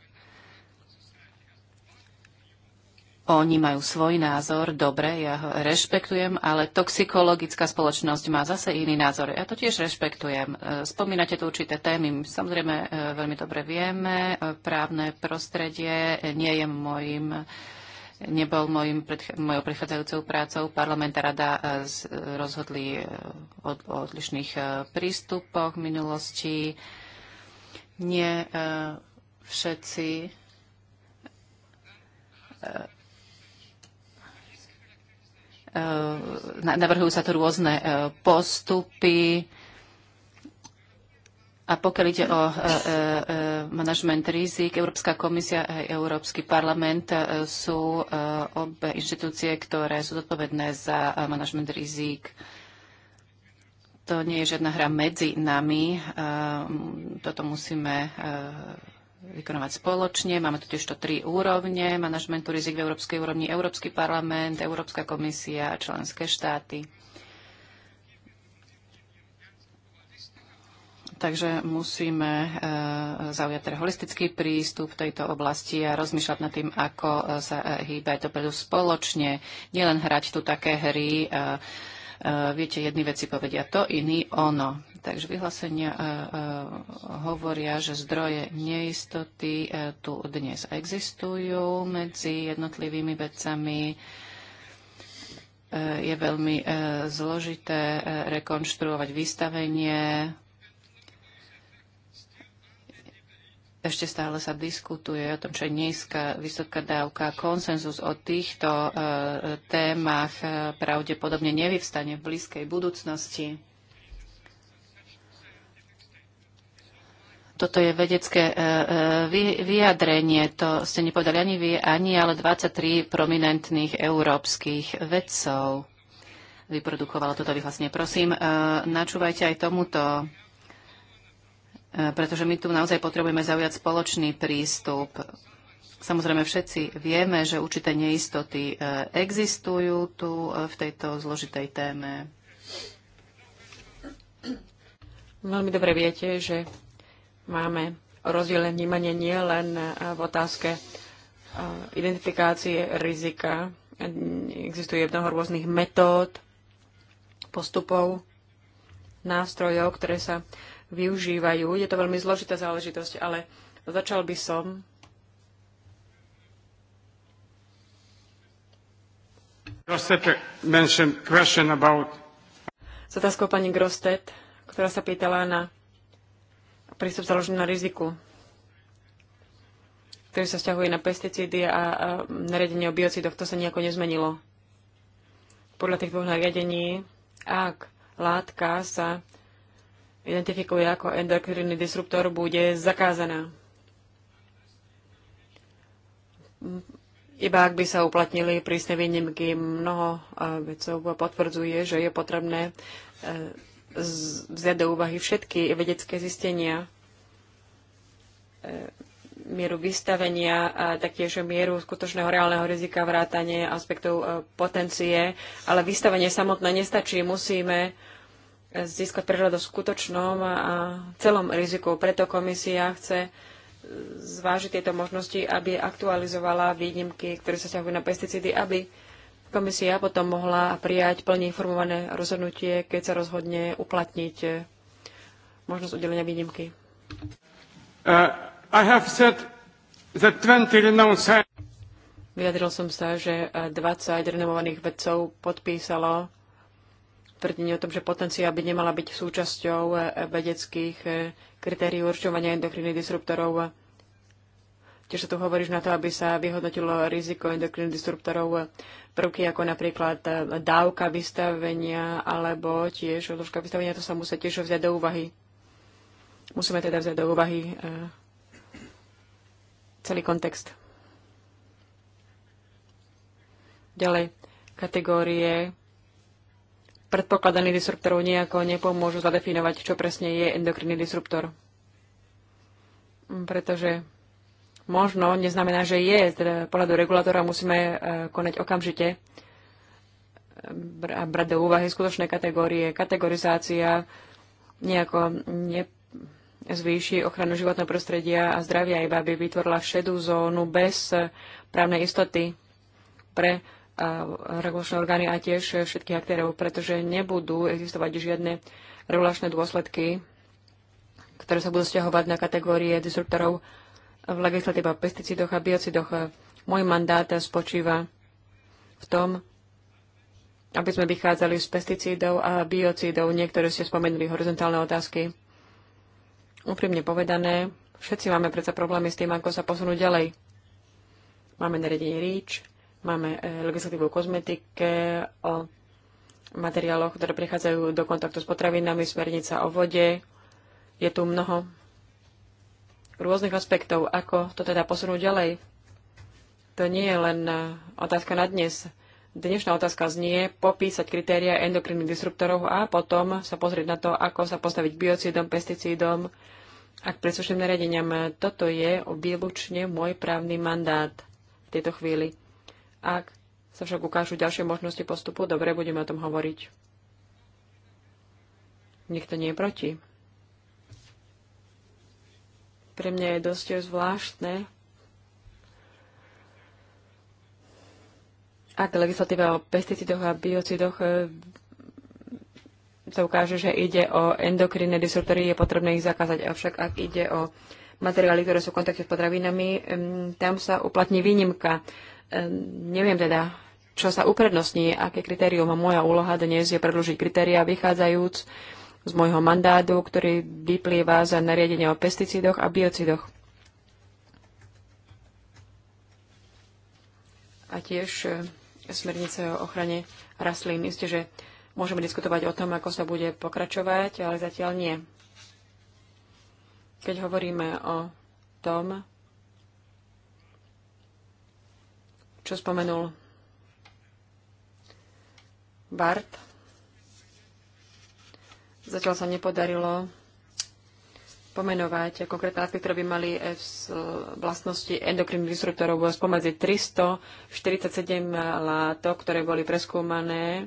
Oni majú svoj názor, dobre, ja ho rešpektujem, ale toxikologická spoločnosť má zase iný názor. Ja to tiež rešpektujem. E, spomínate tu určité témy, samozrejme e, veľmi dobre vieme. E, právne prostredie nie je mojim nebol mojim, mojou predchádzajúcou prácou. Parlament a rada rozhodli o, o odlišných prístupoch v minulosti. Nie všetci Eh, navrhujú sa tu rôzne eh, postupy. A pokiaľ ide o eh, manažment rizik, Európska komisia a Európsky parlament sú obe inštitúcie, ktoré sú zodpovedné za manažment rizik. To nie je žiadna hra medzi nami. Toto musíme Vykonávať spoločne. Máme totiž to tri úrovne manažmentu rizik v európskej úrovni, Európsky parlament, Európska komisia a členské štáty. Takže musíme e, zaujať teda holistický prístup v tejto oblasti a rozmýšľať nad tým, ako e, sa e, hýbať dopredu spoločne. Nielen hrať tu také hry, viete, jedni veci povedia to, iní ono. Takže vyhlásenia e, e, hovoria, že zdroje neistoty e, tu dnes existujú medzi jednotlivými vedcami. Je veľmi zložité rekonštruovať vystavenie. Ešte stále sa diskutuje o tom, čo je nízka, vysoká dávka. Konsenzus o týchto témach pravdepodobne nevyvstane v blízkej budúcnosti. Toto je vedecké e, e, vyjadrenie, to ste nepovedali ani vy, ani ale 23 prominentných európskych vedcov vyprodukovalo toto vyhlásenie. Prosím, e, načúvajte aj tomuto, pretože my tu naozaj potrebujeme zaujať spoločný prístup. Samozrejme, všetci vieme, že určité neistoty existujú tu v tejto zložitej téme. Veľmi dobre viete, že máme rozdielne vnímanie nie len e, v otázke e, identifikácie rizika. Existuje mnoho rôznych metód, postupov, nástrojov, ktoré sa využívajú. Je to veľmi zložitá záležitosť, ale začal by som S otázkou pani Grostet, ktorá sa pýtala na prístup založený na riziku, ktorý sa vzťahuje na pesticídy a, a nariadenie o biocidoch. To sa nejako nezmenilo. Podľa tých dvoch nariadení, ak látka sa identifikuje ako endokrinný disruptor, bude zakázaná. Iba ak by sa uplatnili prísne výnimky, mnoho vedcov potvrdzuje, že je potrebné e, vziať do úvahy všetky vedecké zistenia. E, mieru vystavenia a taktiež mieru skutočného reálneho rizika vrátane aspektov e, potencie, ale vystavenie samotné nestačí. Musíme e, získať prehľad o skutočnom a celom riziku. Preto komisia chce zvážiť tieto možnosti, aby aktualizovala výnimky, ktoré sa ťahujú na pesticídy, aby komisia potom mohla prijať plne informované rozhodnutie, keď sa rozhodne uplatniť možnosť udelenia výnimky. Uh. I have said that 20 renowned scientists Vyjadril som sa, že 20 e, renomovaných vedcov podpísalo tvrdenie o tom, že potencia by nemala byť súčasťou e, vedeckých e, kritérií určovania endokrinných disruptorov. Tiež sa tu hovoríš na to, aby sa vyhodnotilo riziko endokrinných disruptorov prvky ako napríklad dávka vystavenia alebo tiež odložka vystavenia, to sa musí tiež vziať do úvahy. Musíme teda vziať do úvahy celý kontext. Ďalej, kategórie predpokladaných disruptorov nejako nepomôžu zadefinovať, čo presne je endokrinný disruptor. Pretože možno neznamená, že je. Z teda pohľadu regulátora musíme e, konať okamžite e, a brať do úvahy skutočné kategórie. Kategorizácia nejako ne zvýši ochranu životného prostredia a zdravia, iba aby vytvorila šedú zónu bez eh, právnej istoty pre eh, regulačné orgány a tiež všetkých aktérov, pretože nebudú existovať žiadne regulačné dôsledky, ktoré sa budú stiahovať na kategórie disruptorov v legislatíve o pesticidoch a biocidoch. Môj mandát spočíva v tom, aby sme vychádzali z pesticídov a biocídov. Niektoré ste spomenuli horizontálne otázky. Úprimne povedané, všetci máme predsa problémy s tým, ako sa posunúť ďalej. Máme nariadenie REACH, máme e, legislatívu kozmetike, o materiáloch, ktoré prichádzajú do kontaktu s potravinami, smernica o vode. Je tu mnoho rôznych aspektov, ako to teda posunúť ďalej. To nie je len e, otázka na dnes. Dnešná otázka znie popísať kritéria endokrinných disruptorov a potom sa pozrieť na to, ako sa postaviť biocidom, pesticídom a k príslušným nariadeniam. Toto je výlučne môj právny mandát v tejto chvíli. Ak sa však ukážu ďalšie možnosti postupu, dobre, budeme o tom hovoriť. Nikto nie je proti. Pre mňa je dosť zvláštne ak legislatíva o pesticidoch a biocidoch e, sa ukáže, že ide o endokrinné disruptory, je potrebné ich zakázať. Avšak ak ide o materiály, ktoré sú v kontakte s potravinami, tam sa uplatní výnimka. Neviem teda, čo sa uprednostní, aké kritérium a moja úloha dnes je predložiť kritéria vychádzajúc z môjho mandátu, ktorý vyplýva za nariadenie o pesticidoch a biocidoch. A tiež smernice o ochrane rastlín. Isté, že môžeme diskutovať o tom, ako sa bude pokračovať, ale zatiaľ nie. Keď hovoríme o tom, čo spomenul Bart, zatiaľ sa nepodarilo pomenovať konkrétne látky, ktoré by mali v eh, vlastnosti endokrinných disruptorov. Bolo spomedzi 347 látok, ktoré boli preskúmané eh,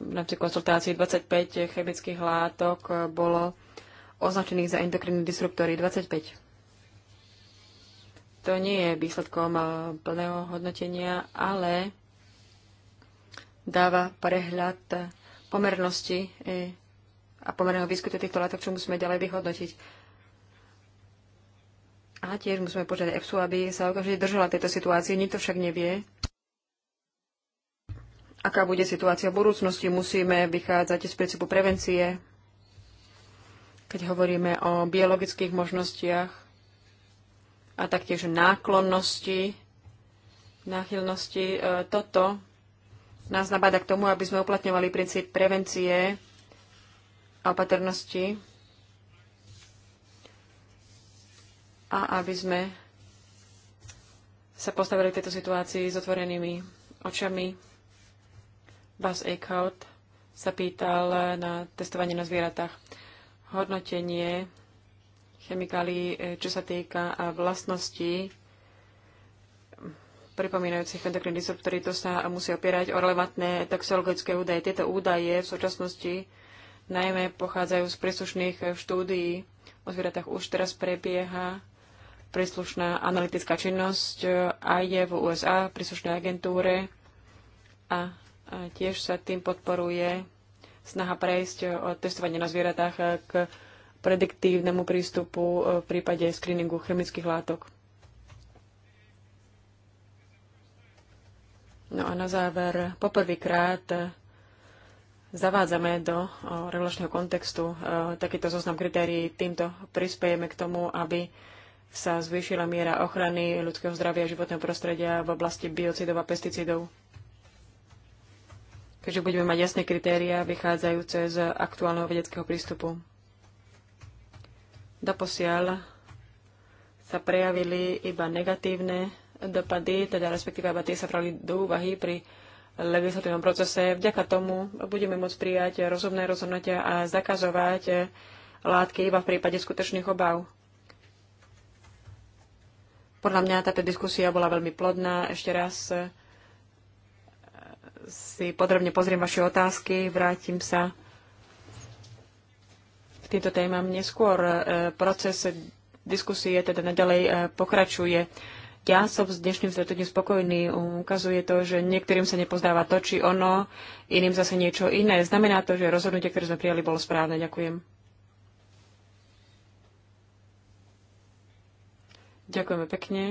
v rámci konsultácií 25 chemických látok eh, bolo označených za endokrinné disruptory 25. To nie je výsledkom plného hodnotenia, ale dáva prehľad pomernosti a pomerného výskytu týchto látok, čo musíme ďalej vyhodnotiť. A tiež musíme požiadať EFSU, aby sa okamžite držala tejto situácie. Nikto však nevie, aká bude situácia v budúcnosti. Musíme vychádzať z princípu prevencie, keď hovoríme o biologických možnostiach a taktiež náklonnosti, náchylnosti. E, toto nás nabáda k tomu, aby sme uplatňovali princíp prevencie a opatrnosti a aby sme sa postavili v tejto situácii s otvorenými očami. Buzz Eichhout sa pýtal na testovanie na zvieratách. Hodnotenie chemikálií, e, čo sa týka vlastností pripomínajúcich endokrín disruptory, to sa musí opierať o relevantné toxologické údaje. Tieto údaje v súčasnosti najmä pochádzajú z príslušných eh, štúdií. O zvieratách už teraz prebieha príslušná analytická činnosť eh, aj je v USA, príslušnej agentúre a tiež sa tým podporuje snaha prejsť eh, od testovania na zvieratách k prediktívnemu prístupu v prípade screeningu chemických látok. No a na záver, poprvýkrát zavádzame do regulačného kontextu takýto zoznam kritérií. Týmto prispiejeme k tomu, aby sa zvýšila miera ochrany ľudského zdravia a životného prostredia v oblasti biocidov a pesticidov. Keďže budeme mať jasné kritéria vychádzajúce z aktuálneho vedeckého prístupu. Doposiaľ sa prejavili iba negatívne dopady, teda respektíve iba tie sa brali do úvahy pri legislatívnom procese. Vďaka tomu budeme môcť prijať rozumné rozhodnutia a zakazovať látky iba v prípade skutočných obav. Podľa mňa táto diskusia bola veľmi plodná. Ešte raz eh, si podrobne pozriem vaše otázky, vrátim sa k týmto témam neskôr. Eh, proces diskusie teda nadalej eh, pokračuje ja som s dnešným stretnutím spokojný. Ukazuje to, že niektorým sa nepozdáva to, či ono, iným zase niečo iné. Znamená to, že rozhodnutie, ktoré sme prijali, bolo správne. Ďakujem. Ďakujeme pekne.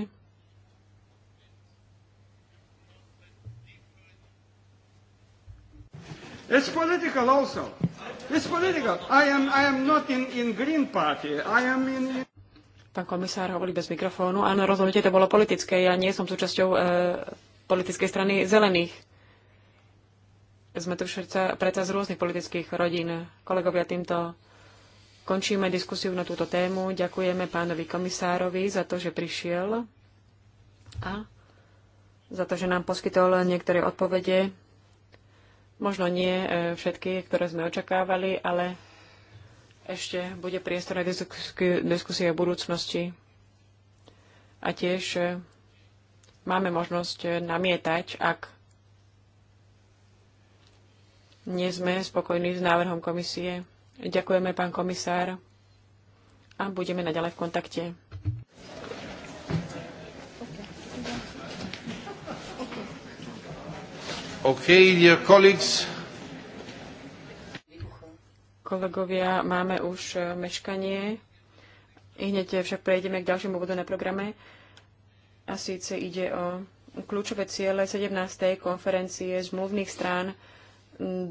It's political also. It's political. I am, I am not in, in Green Party. I am in... in... Pán komisár hovorí bez mikrofónu. Áno, rozhodnutie to bolo politické. Ja nie som súčasťou e, politickej strany zelených. Sme tu všetca, predsa z rôznych politických rodín. Kolegovia, týmto končíme diskusiu na túto tému. Ďakujeme pánovi komisárovi za to, že prišiel a za to, že nám poskytol niektoré odpovede možno nie e, všetky, ktoré sme očakávali, ale ešte bude priestor na diskusie o budúcnosti. A tiež e, máme možnosť e, namietať, ak nie sme spokojní s návrhom komisie. Ďakujeme, pán komisár, a budeme naďalej v kontakte. Okay, dear colleagues. Kolegovia, máme už e, meškanie. I hneď e, však prejdeme k ďalšiemu bodu na programe. A síce ide o kľúčové ciele 17. konferencie zmluvných strán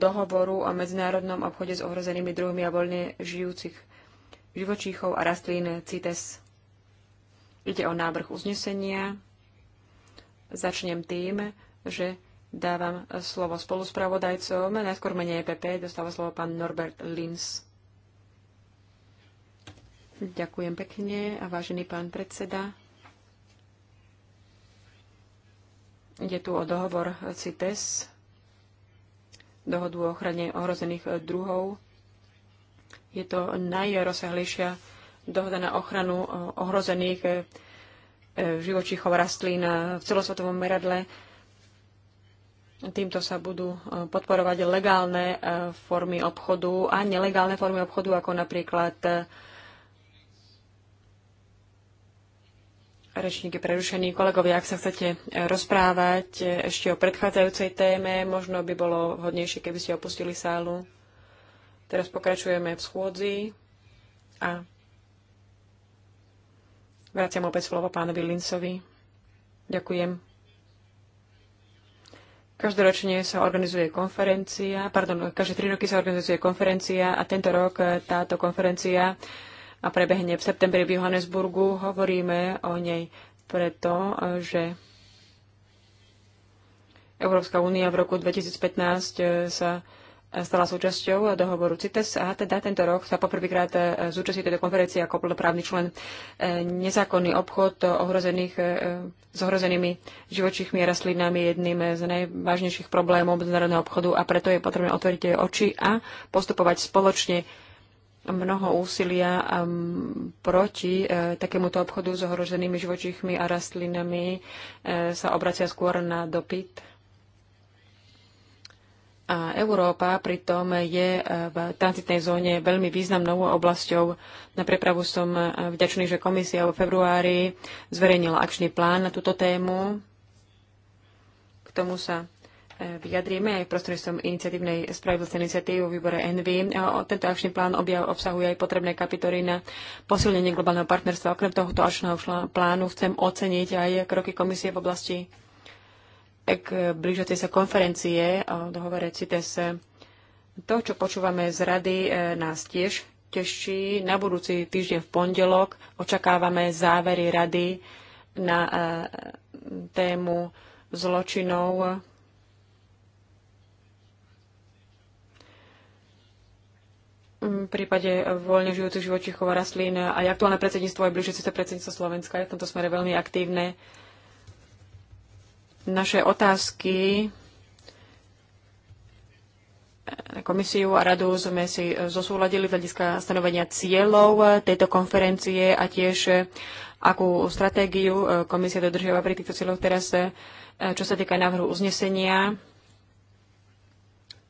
dohovoru o medzinárodnom obchode s ohrozenými druhmi a voľne žijúcich živočíchov a rastlín CITES. Ide o návrh uznesenia. Začnem tým, že Dávam eh, slovo spoluspravodajcom. Najskôr menej EPP dostáva slovo pán Norbert Lins. Ďakujem pekne a vážený pán predseda. Ide tu o dohovor CITES, dohodu o ochrane ohrozených druhov. Je to najrozsahlejšia dohoda na ochranu eh, ohrozených eh, živočíchov rastlín v celosvetovom meradle. Týmto sa budú e, podporovať legálne e, formy obchodu a nelegálne formy obchodu, ako napríklad e, rečníky prerušení. Kolegovia, ak sa chcete rozprávať ešte o predchádzajúcej téme, možno by bolo vhodnejšie, keby ste opustili sálu. Teraz pokračujeme v schôdzi a vraciam opäť slovo pánovi Linsovi. Ďakujem. Každoročne sa organizuje konferencia, pardon, každé tri roky sa organizuje konferencia a tento rok e, táto konferencia a prebehne v septembri v Johannesburgu. Hovoríme o nej preto, e, že Európska únia v roku 2015 e, sa stala súčasťou dohovoru CITES a teda tento rok sa poprvýkrát e, zúčastní tejto konferencie ako plnoprávny člen e, nezákonný obchod ohrozených, e, s ohrozenými živočíchmi a rastlinami je jedným z najvážnejších problémov medzinárodného obchodu a preto je potrebné otvoriť oči a postupovať spoločne mnoho úsilia proti takémuto obchodu s ohroženými živočíchmi a rastlinami sa obracia skôr na dopyt a Európa pritom je e, v tranzitnej zóne veľmi významnou oblasťou. Na prepravu som e, vďačný, že komisia vo februári zverejnila akčný plán na túto tému. K tomu sa e, vyjadríme aj prostredstvom iniciatívnej spravodlivosti iniciatív v výbore ENVY. Tento akčný plán objav obsahuje aj potrebné kapitoly na posilnenie globálneho partnerstva. Okrem tohto akčného plánu chcem oceniť aj kroky komisie v oblasti ak blížate sa konferencie o dohovore CITES. To, čo počúvame z rady, e, nás tiež teší. Na budúci týždeň v pondelok očakávame závery rady na e, tému zločinov v prípade voľne žijúcich živočíchov a rastlín aj aktuálne predsedníctvo, aj blížiace sa predsedníctvo Slovenska je v tomto smere veľmi aktívne. Naše otázky komisiu a radu sme si zosúladili z hľadiska stanovenia cieľov tejto konferencie a tiež akú stratégiu komisia dodržiava pri týchto cieľoch teraz, eh, čo sa týka návrhu uznesenia.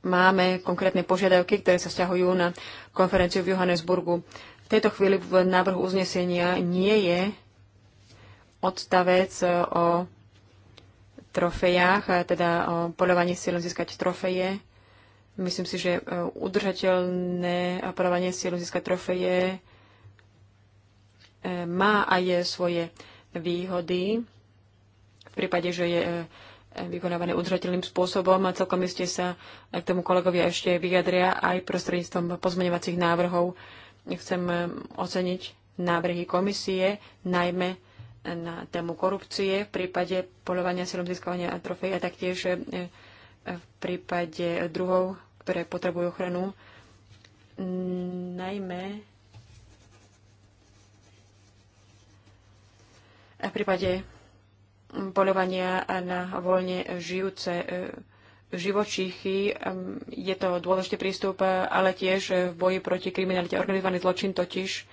Máme konkrétne požiadavky, ktoré sa vzťahujú na konferenciu v Johannesburgu. V tejto chvíli v návrhu uznesenia nie je odstavec eh, o trofejách, teda polovanie s cieľom získať trofeje. Myslím si, že e, udržateľné polovanie s cieľom získať trofeje e, má aj svoje výhody v prípade, že je e, vykonávané udržateľným spôsobom a celkom iste sa k tomu kolegovia ešte vyjadria aj prostredníctvom pozmeňovacích návrhov. Chcem oceniť návrhy komisie, najmä na tému korupcie v prípade polovania silom získavania a trofej a taktiež e, v prípade druhov, ktoré potrebujú ochranu. Najmä v prípade polovania na voľne žijúce e, živočíchy je to dôležitý prístup, ale tiež v boji proti kriminalite organizovaný zločin totiž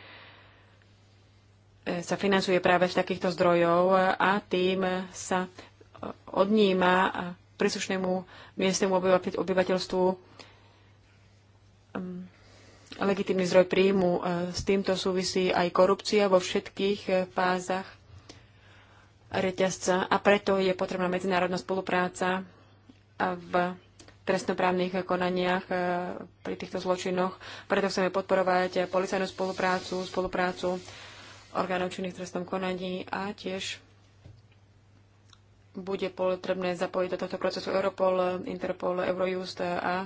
E, sa financuje práve z takýchto zdrojov a tým sa e, odníma príslušnému miestnemu obyvateľstvu mm, legitímny zdroj príjmu. E, s týmto súvisí aj korupcia vo všetkých fázach reťazca a preto je potrebná medzinárodná spolupráca v trestnoprávnych konaniach pri týchto zločinoch. Preto chceme podporovať policajnú spoluprácu, spoluprácu orgánov činných trestnom konaní a tiež bude potrebné zapojiť do tohto procesu Europol, Interpol, Eurojust a,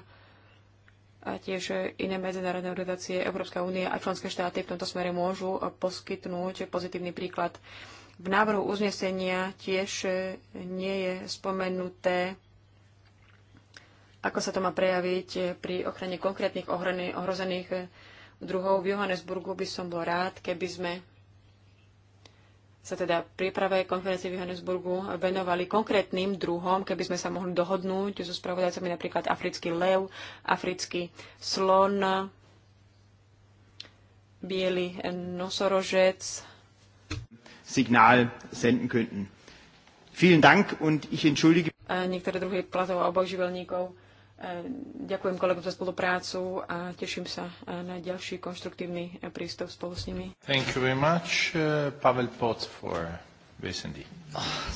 a tiež iné medzinárodné organizácie Európska únia a členské štáty v tomto smere môžu poskytnúť pozitívny príklad. V návrhu uznesenia tiež nie je spomenuté, ako sa to má prejaviť pri ochrane konkrétnych ohrozených druhov. V Johannesburgu by som bol rád, keby sme sa teda príprave konferencie v Johannesburgu venovali konkrétnym druhom, keby sme sa mohli dohodnúť so spravodajcami napríklad africký lev, africký slon, biely nosorožec. Signál senden könnten. Vielen Dank und ich entschuldige... Niektoré druhy platov a živelníkov. Ďakujem kolegom za spoluprácu a teším sa na ďalší konštruktívny prístup spolu s nimi. Thank you very much, uh, Pavel Poc for VSND.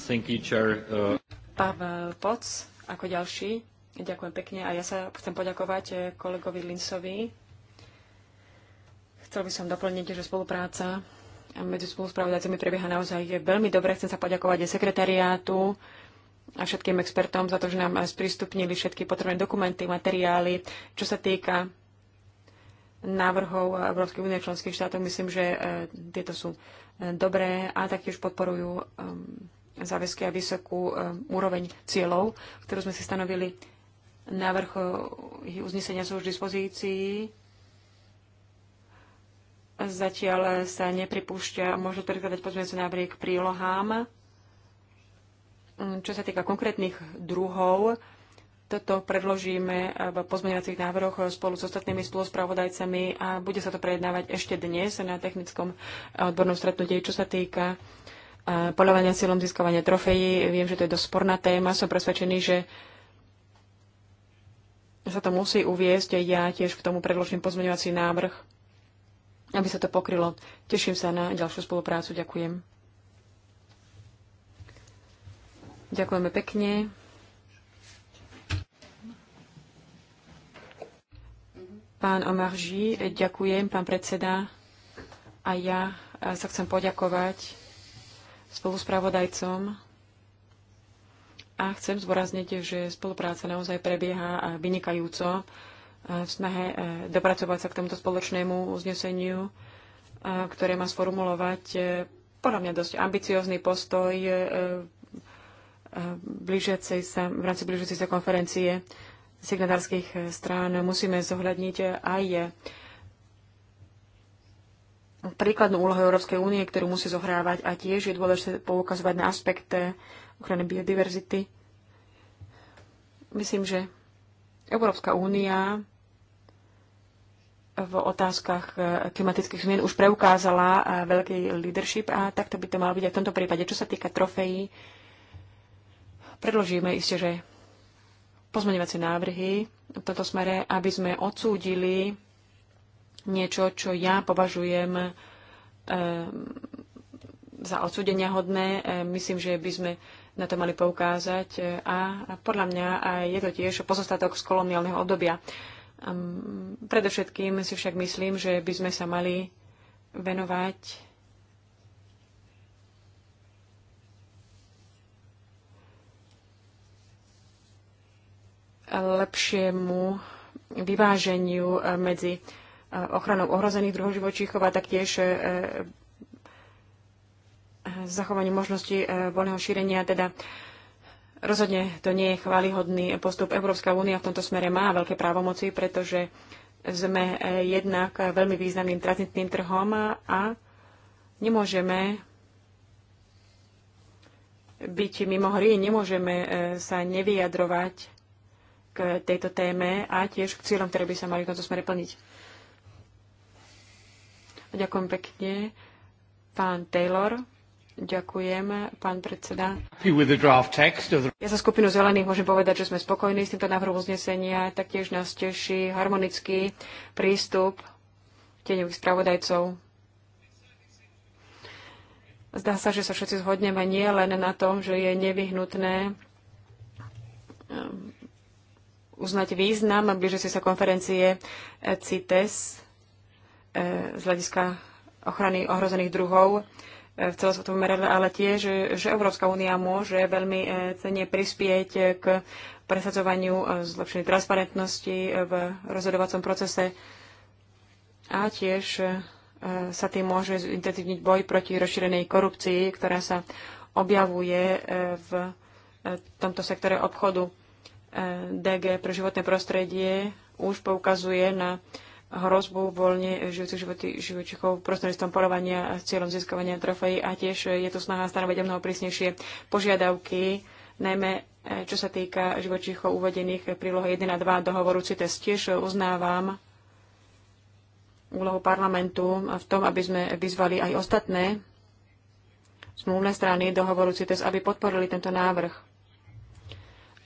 Thank you, Chair. Uh... Pavel Poc ako ďalší. Ďakujem pekne a ja sa chcem poďakovať uh, kolegovi Linsovi. Chcel by som doplniť, že spolupráca medzi spoluspravodajcami prebieha naozaj veľmi dobre. Chcem sa poďakovať aj sekretariátu, a všetkým expertom za to, že nám sprístupnili všetky potrebné dokumenty, materiály. Čo sa týka návrhov Európskej únie členských štátov, myslím, že e, tieto sú e, dobré a taktiež podporujú e, záväzky a vysokú úroveň cieľov, ktorú sme si stanovili. Návrh uznesenia sú už v dispozícii. Zatiaľ sa nepripúšťa môžu prekladať pozmeňujúce návrhy k prílohám Mm, čo sa týka konkrétnych druhov, toto predložíme v pozmeňovacích návrhoch spolu s ostatnými spoluspravodajcami a bude sa to prejednávať ešte dnes na technickom odbornom stretnutí. Čo sa týka e, polovania silom získavania trofejí, viem, že to je dosť sporná téma. Som presvedčený, že sa to musí uviezť. Ja tiež k tomu predložím pozmeňovací návrh, aby sa to pokrylo. Teším sa na ďalšiu spoluprácu. Ďakujem. Ďakujeme pekne. Pán Omarží, ďakujem, pán predseda. A ja e, sa chcem poďakovať spoluspravodajcom a chcem zdôrazniť, že spolupráca naozaj prebieha vynikajúco e, v snahe e, dopracovať sa k tomuto spoločnému uzneseniu, ktoré má sformulovať podľa mňa dosť ambiciózny postoj blížiacej sa, v rámci blížiacej sa konferencie signatárskych strán musíme zohľadniť aj príkladnú úlohu Európskej únie, ktorú musí zohrávať a tiež je dôležité poukazovať na aspekte ochrany biodiverzity. Myslím, že Európska únia v otázkach klimatických zmien už preukázala veľký leadership a takto by to malo byť aj v tomto prípade. Čo sa týka trofejí, Predložíme isté, že pozmeňovacie návrhy v tomto smere, aby sme odsúdili niečo, čo ja považujem ehm, za odsúdenia hodné. Ehm, myslím, že by sme na to mali poukázať a podľa mňa je to tiež pozostatok z koloniálneho obdobia. Ehm, predovšetkým si však myslím, že by sme sa mali venovať lepšiemu vyváženiu e, medzi e, ochranou ohrozených druhov živočíchov a taktiež e, zachovaniu možnosti voľného šírenia. Teda rozhodne to nie je chválihodný postup. Európska únia v tomto smere má veľké právomoci, pretože sme jednak veľmi významným tranzitným trhom a nemôžeme byť mimo hry, nemôžeme sa nevyjadrovať k tejto téme a tiež k cieľom, ktoré by sa mali v tomto smere plniť. Ďakujem pekne. Pán Taylor, ďakujem, pán predseda. Ja za skupinu zelených môžem povedať, že sme spokojní s týmto návrhom uznesenia. Taktiež nás teší harmonický prístup tieňových spravodajcov. Zdá sa, že sa všetci zhodneme nie len na tom, že je nevyhnutné uznať význam blížiacej sa konferencie CITES e, z hľadiska ochrany ohrozených druhov e, v celosvetovom meradle, ale tiež, že Európska únia môže veľmi e, cenne prispieť k presadzovaniu zlepšenej transparentnosti v rozhodovacom procese a tiež sa tým môže zintenzívniť boj proti rozšírenej korupcii, ktorá sa objavuje v tomto sektore obchodu. DG pre životné prostredie už poukazuje na hrozbu voľne žijúcich životy, živočichov prostredníctvom polovania s cieľom získavania trofejí a tiež je tu snaha stanoviť o mnoho prísnejšie požiadavky, najmä e, čo sa týka živočichov uvedených v prílohe 1 a 2 dohovoru CITES. Tiež uznávam úlohu parlamentu v tom, aby sme vyzvali aj ostatné zmluvné strany dohovoru CITES, aby podporili tento návrh.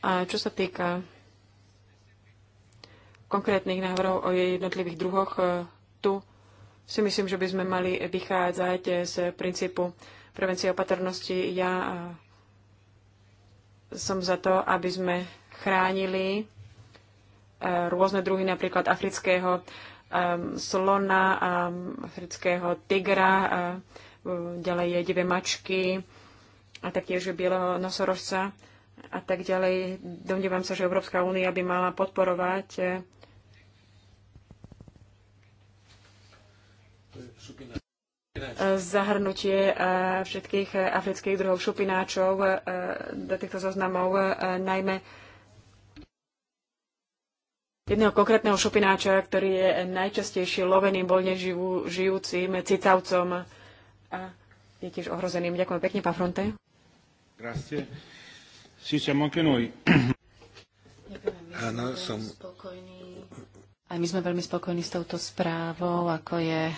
A čo sa týka konkrétnych návrhov o jej jednotlivých druhoch, e, tu si myslím, že by sme mali vychádzať z princípu prevencie opatrnosti. Ja e, som za to, aby sme chránili e, rôzne druhy, napríklad afrického slona, afrického tigra, ďalej divé mačky a taktiež bieleho nosorožca a tak ďalej. Domnievam sa, že Európska únia by mala podporovať eh, zahrnutie eh, všetkých eh, afrických druhov šupináčov do týchto zoznamov, najmä jedného konkrétneho šupináča, ktorý je najčastejšie loveným voľne živú, žijúcim cicavcom a je tiež ohrozeným. Ďakujem pekne, pán Fronte. Grazie. Sì, siamo anche noi. Aj my sme veľmi spokojní s touto správou, ako je e,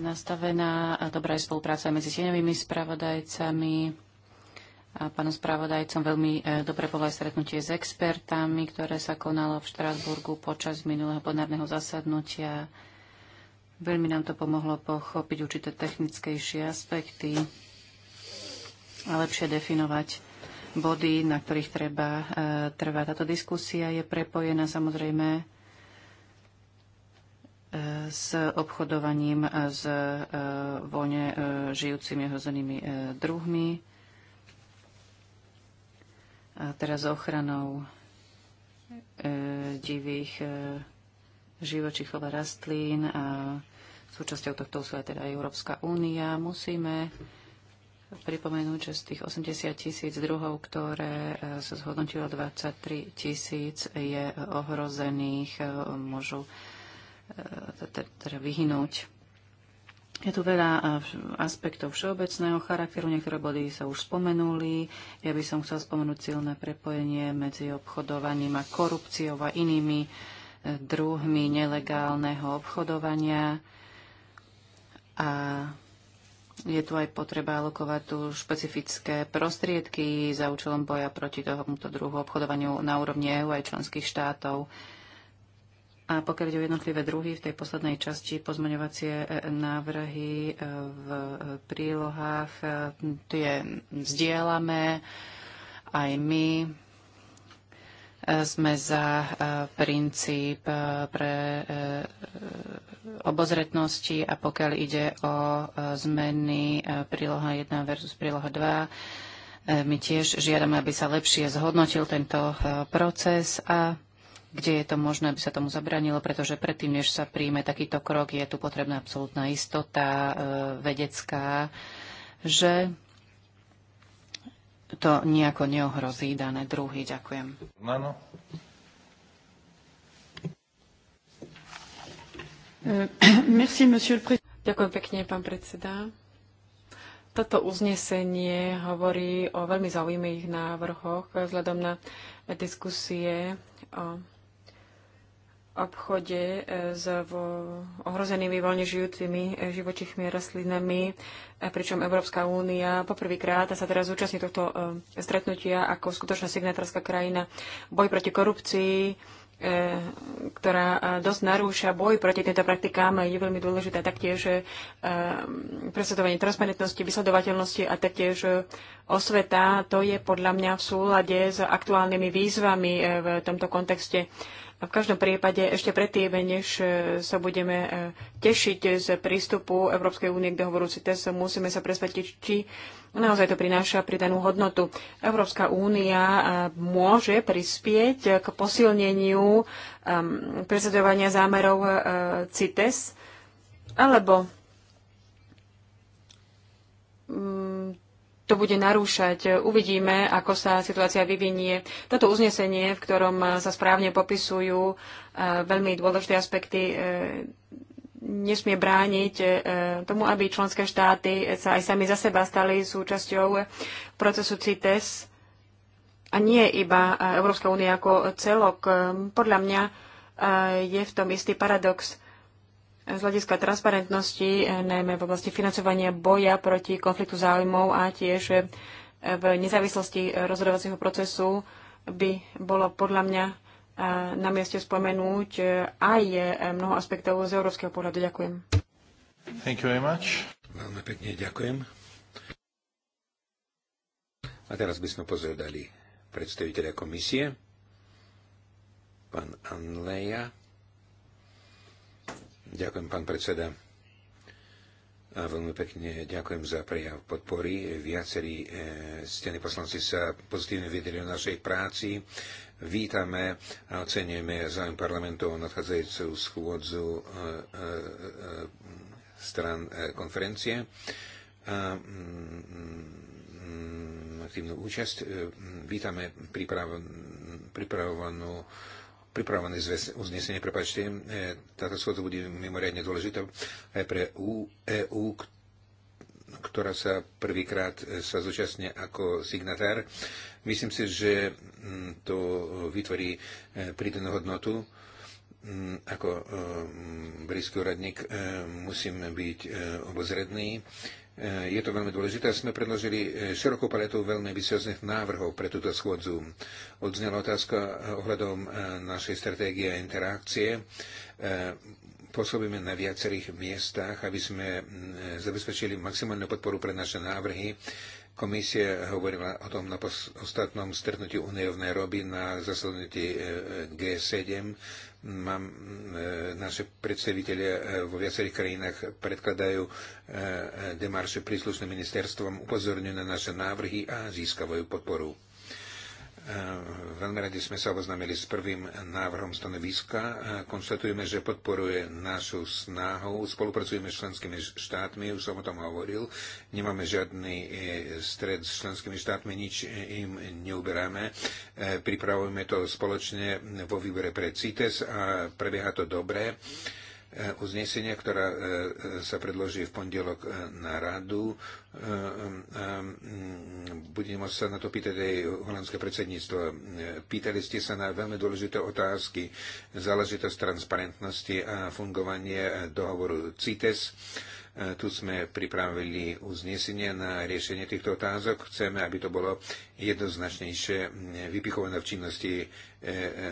nastavená a dobrá je spolupráca medzi sieňovými spravodajcami a pánom spravodajcom. Veľmi e, dobre bolo aj stretnutie s expertami, ktoré sa konalo v Štrasburgu počas minulého plenárneho zasadnutia. Veľmi nám to pomohlo pochopiť určité technickejšie aspekty a lepšie definovať body, na ktorých treba e, trvá Táto diskusia je prepojená samozrejme e, s obchodovaním e, s voľne žijúcimi hrozenými druhmi. A teraz ochranou divých živočíchov a rastlín a súčasťou tohto sú aj teda Európska únia. Musíme pripomenúť, že z tých 80 tisíc druhov, ktoré e, sa zhodnotilo 23 tisíc, je ohrozených, e, môžu e, teda vyhnúť. Je tu veľa aspektov všeobecného charakteru, niektoré body sa už spomenuli. Ja by som chcel spomenúť silné prepojenie medzi obchodovaním a korupciou a inými druhmi nelegálneho obchodovania. A je tu aj potreba alokovať tu špecifické prostriedky za účelom boja proti tomuto druhu obchodovaniu na úrovni EU aj členských štátov. A pokiaľ ide o jednotlivé druhy, v tej poslednej časti pozmeňovacie e, návrhy e, v e, prílohách tie vzdielame aj my. Sme za e, princíp e, pre e, obozretnosti a pokiaľ ide o zmeny príloha 1 versus príloha 2, my tiež žiadame, aby sa lepšie zhodnotil tento proces a kde je to možné, aby sa tomu zabranilo, pretože predtým, než sa príjme takýto krok, je tu potrebná absolútna istota vedecká, že to nejako neohrozí dané druhy. Ďakujem. Áno. Eh, merci, monsieur le Ďakujem pekne, pán predseda. Toto uznesenie hovorí o veľmi zaujímavých návrhoch vzhľadom na diskusie o obchode e, s ohrozenými voľne žijúcimi e, živočichmi a rastlinami, e, pričom Európska únia poprvýkrát sa teraz zúčastní tohto stretnutia ako skutočná signatárska krajina boj proti korupcii, ktorá dosť narúša boj proti týmto praktikám, je veľmi dôležité taktiež presadovanie transparentnosti, vysledovateľnosti a taktiež osveta. To je podľa mňa v súlade s aktuálnymi výzvami v tomto kontexte v každom prípade ešte predtým, než e, sa budeme e, tešiť z prístupu Európskej únie k dohovoru CITES, musíme sa presvedčiť, či naozaj to prináša pridanú hodnotu. Európska únia e, môže prispieť k posilneniu presadovania zámerov CITES, alebo mm, to bude narúšať. Uvidíme, ako sa situácia vyvinie. Toto uznesenie, v ktorom sa správne popisujú e, veľmi dôležité aspekty, e, nesmie brániť e, tomu, aby členské štáty sa aj sami za seba stali súčasťou procesu CITES a nie iba Európska únia ako celok. Podľa mňa je v tom istý paradox z hľadiska transparentnosti, eh, najmä v oblasti financovania boja proti konfliktu záujmov a tiež eh, v nezávislosti eh, rozhodovacieho procesu by bolo podľa mňa na mieste spomenúť aj mnoho aspektov z európskeho pohľadu. Ďakujem. Thank you very much. Veľmi pekne ďakujem. A teraz by sme pozvedali predstaviteľa komisie, pán Anleja. Ďakujem, pán predseda. A veľmi pekne ďakujem za prejav podpory. Viacerí e, stení poslanci sa pozitívne vedeli o našej práci. Vítame a ocenujeme záujem parlamentu o nadchádzajúcu schôdzu e, e, e stran e, konferencie. A, mm, mm, aktívnu účasť. E, vítame pripravovanú pripravené uznesenie, prepačte, e, táto schôdza bude mimoriadne dôležitá aj pre EU, e ktorá sa prvýkrát e, sa zúčastne ako signatár. Myslím si, že to vytvorí prídenú hodnotu. Ako britský úradník musím byť obozredný je to veľmi dôležité. Sme predložili e, širokú paletu veľmi vysiozných návrhov pre túto schôdzu. Odznela otázka e, ohľadom e, našej stratégie a interakcie. Pôsobíme na viacerých miestach, aby sme zabezpečili maximálnu podporu pre naše návrhy. Komisia hovorila o tom na ostatnom stretnutí Unie v Nairobi na zasadnutí G7 Mám, e, naše predstaviteľe vo viacerých krajinách predkladajú e, e, demarše príslušným ministerstvom, upozorňujú na naše návrhy a získavajú podporu. E, veľmi radi sme sa oboznámili s prvým návrhom stanoviska. E, konštatujeme, že podporuje našu snahu. Spolupracujeme s členskými štátmi, už som o tom hovoril. Nemáme žiadny e, stred s členskými štátmi, nič im neuberáme. Pripravujeme to spoločne vo výbore pre CITES a prebieha to dobre. Eh, uznesenia, ktorá eh, eh, sa predloží v pondelok na radu. Mm, budem môcť sa na to pýtať aj holandské predsedníctvo. Pýtali ste sa na veľmi dôležité otázky, záležitosť transparentnosti a fungovanie dohovoru CITES. Tu sme pripravili uznesenie na riešenie týchto otázok. Chceme, aby to bolo jednoznačnejšie mm, vypichované v činnosti E, e,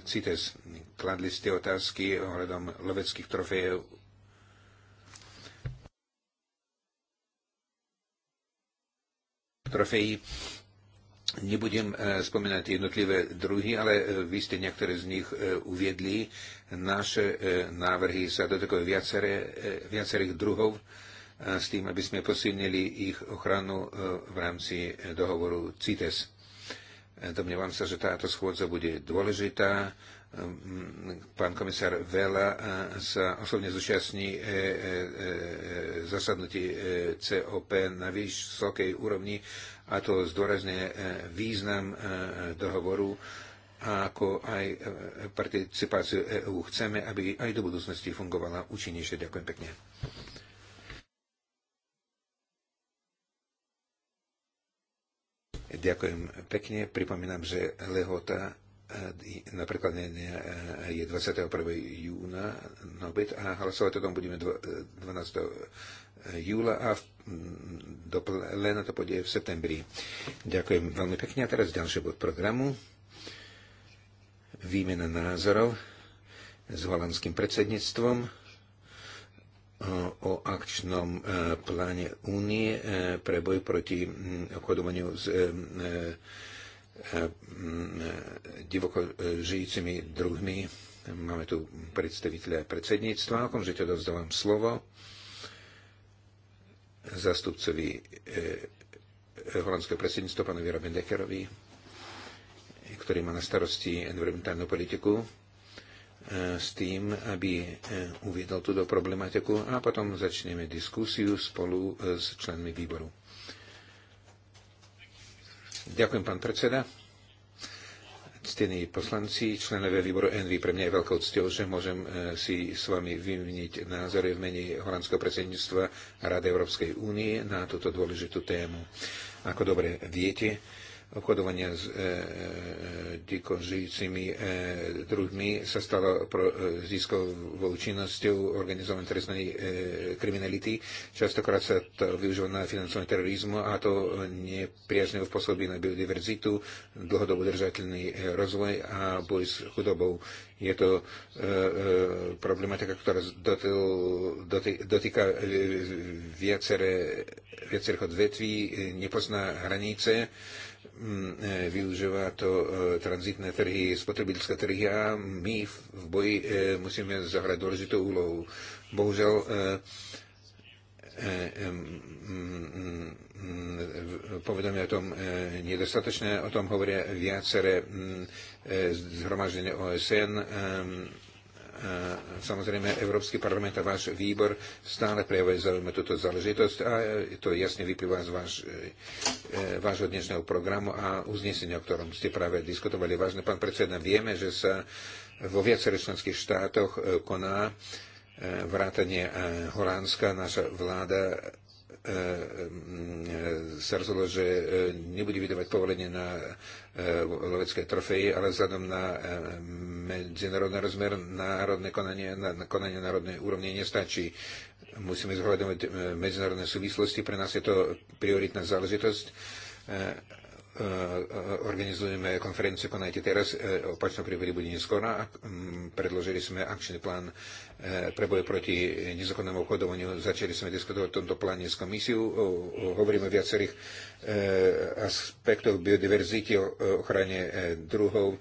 CITES. Kladli ste otázky ohľadom loveckých trofejev. Trofejí. Nebudem e, spomínať jednotlivé druhy, ale vy ste niektoré z nich uviedli. Naše návrhy sa dotýkajú viaceré, viacerých druhov s tým, aby sme posilnili ich ochranu v rámci dohovoru CITES. Domnievam sa, že táto schôdza bude dôležitá. Pán komisár Vela e, sa osobne zúčastní e, e, zasadnutí COP na vysokej úrovni a to zdôrazne význam dohovoru ako aj participáciu EÚ. Chceme, aby aj do budúcnosti fungovala účinnejšie. Ďakujem pekne. Ďakujem pekne. Pripomínam, že lehota eh, na prekladanie eh, je 21. júna na obed a hlasovať o tom budeme 12. Eh, júla a mm, do plena to pôjde v septembri. Ďakujem veľmi pekne. A teraz ďalší bod programu. Výmena názorov s holandským predsedníctvom o akčnom e, pláne únie e, pre boj proti obchodovaniu s e, divoko žijúcimi druhmi. Máme tu predstaviteľa predsedníctva. Okamžite dozdávam slovo zastupcovi holandského predsedníctva, pánovi Robin Deckerovi, ktorý má na starosti environmentálnu politiku E, s tým, aby e, uviedol túto problematiku a potom začneme diskusiu spolu e, s členmi výboru. Ďakujem, pán predseda. Ctení poslanci, členové výboru NV, pre mňa je veľkou cťou, že môžem si s vami vymeniť názory v mene holandského predsedníctva Rady Európskej únie na túto dôležitú tému. Ako dobre viete, obchodovania s e, e diko žijúcimi e, druhmi sa stalo pro, e, získovou činnosťou organizovanej trestnej e, kriminality. Častokrát sa to využíva na financovanie terorizmu a to nepriaznivo pôsobí na biodiverzitu, dlhodobo držateľný e, rozvoj a boj s chudobou. Je to e, e, problematika, ktorá dotyl, doty, dotýka e, viacerých odvetví, nepozná hranice E, využíva to e, tranzitné trhy, spotrebiteľské trhy a my v boji e, musíme zahrať dôležitú úlohu. Bohužiaľ, povedomia o tom nedostatočné, o tom hovoria viaceré zhromaždenie OSN, Samozrejme, Európsky parlament a váš výbor stále prejavuje zaujímavé túto záležitosť a e, to jasne vyplýva z váš, e, e, vášho dnešného programu a uznesenia, o ktorom ste práve diskutovali. Vážne pán predseda, vieme, že sa vo viacerých členských štátoch koná vrátanie Holandska. Naša vláda E, e, sa rozhodlo, že e, nebude vydávať povolenie na lovecké trofeje, ale vzhľadom na medzinárodný rozmer, národné konanie, na konanie národnej úrovne nestačí. Musíme zohľadovať medzinárodné súvislosti, pre nás je to prioritná záležitosť Eh, organizujeme konferenciu Konajte teraz, v eh, opačnom prípade bude neskoro. Mm, predložili sme akčný plán eh, pre boje proti nezákonnému obchodovaniu. Začali sme diskutovať o tomto pláne s komisiou. Hovoríme o viacerých aspektoch biodiverzity, ochrane druhov,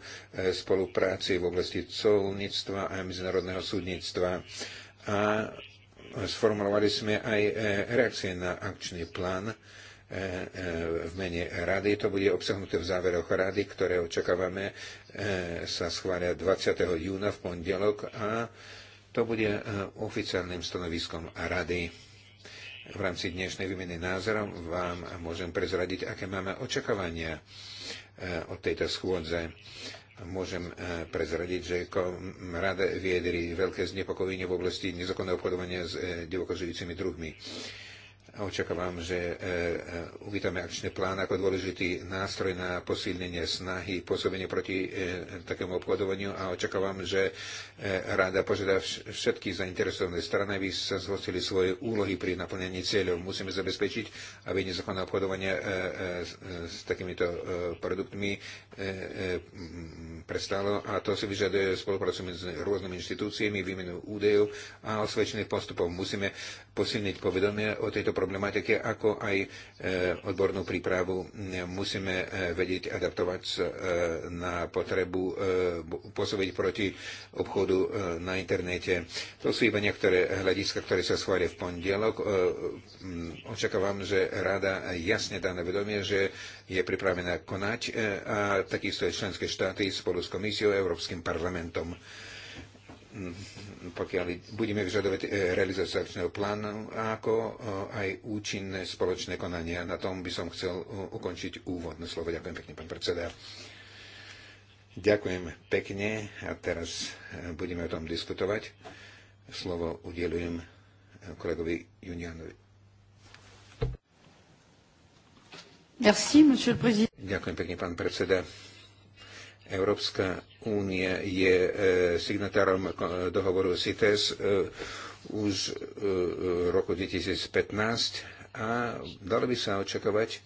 spolupráci v oblasti colníctva a medzinárodného súdnictva. A sformulovali sme aj reakcie na akčný plán E, e, v mene rady. To bude obsahnuté v záveroch rady, ktoré očakávame e, sa schvália 20. júna v pondelok a to bude oficiálnym stanoviskom rady. V rámci dnešnej výmeny názorom. vám môžem prezradiť, aké máme očakávania od tejto schôdze môžem prezradiť, že rada viedri veľké znepokojenie v oblasti nezakonného obchodovania s divokožijúcimi druhmi. Očakávam, že e, e, uvítame akčný plán ako dôležitý nástroj na posilnenie snahy, pôsobenie proti e, takému obchodovaniu a očakávam, že rada požiada všetky zainteresované strany, aby sa zhostili svoje úlohy pri naplnení cieľov. Musíme zabezpečiť, aby nezákonné obchodovanie s takýmito produktmi prestalo a to si vyžaduje spoluprácu medzi rôznymi inštitúciami, výmenu údajov a osvedčených postupov. Musíme posilniť povedomie o tejto problémy problematike, ako aj e, odbornú prípravu. Musíme e, vedieť adaptovať e, na potrebu pôsobiť proti obchodu na internete. To sú iba niektoré hľadiska, ktoré sa schvália v pondelok. Očakávam, že rada jasne dá na vedomie, že je pripravená konať a takisto aj členské štáty spolu s komisiou a Európskym parlamentom pokiaľ budeme vyžadovať e, realizáciu akčného plánu, ako e, aj účinné spoločné konania. Na tom by som chcel e, ukončiť úvodné slovo. Ďakujem pekne, pán predseda. Ďakujem pekne a teraz budeme o tom diskutovať. Slovo udelujem kolegovi Junianovi. Merci, Ďakujem pekne, pán predseda. Európska únia je e, signatárom e, dohovoru CITES e, už v roku 2015 a dalo by sa očakávať,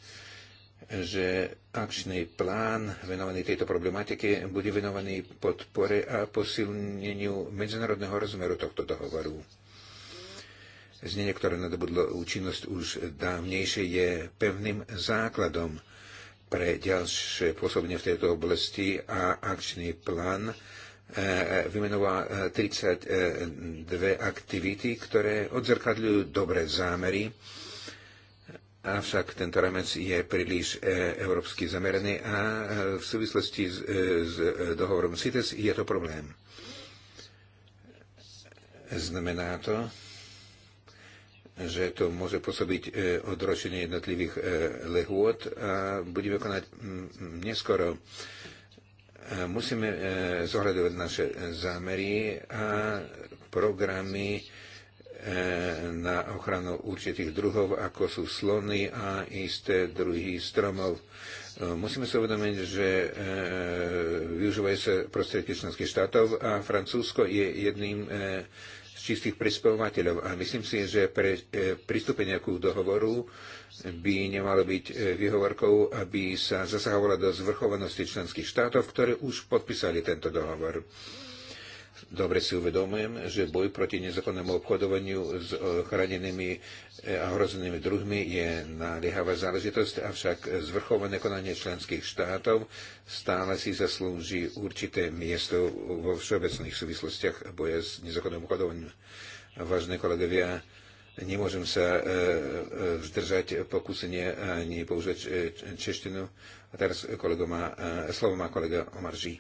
že akčný plán venovaný tejto problematike bude venovaný podpore a posilneniu medzinárodného rozmeru tohto dohovoru. Znenie, ktoré nadobudlo účinnosť už dávnejšie, je pevným základom pre ďalšie pôsobenie v tejto oblasti a akčný plán e, vymenoval 32 e, aktivity, ktoré odzrkadľujú dobré zámery, avšak tento rámec je príliš e, európsky zameraný a v súvislosti s, s dohovorom CITES je to problém. Znamená to, že to môže pôsobiť e, odročenie jednotlivých e, lehôd a budeme konať neskoro. E, musíme zohľadovať naše zámery a programy na ochranu určitých druhov, ako sú slony a isté druhy stromov. Musíme sa uvedomiť, že využívajú sa prostriedky členských štátov a Francúzsko je jedným čistých prispevovateľov. A myslím si, že pre e, pristúpenie ku dohovoru by nemalo byť e, vyhovorkou, aby sa zasahovala do zvrchovanosti členských štátov, ktoré už podpísali tento dohovor. Dobre si uvedomujem, že boj proti nezákonnému obchodovaniu s e, chránenými e, a hrozenými druhmi je naliehavá záležitosť, avšak zvrchované konanie členských štátov stále si zaslúži určité miesto vo všeobecných súvislostiach boja s nezákonným obchodovaním. Vážne kolegovia, nemôžem sa e, zdržať pokusenie ani používať češtinu. A teraz kolego má, slovo má kolega Omarží.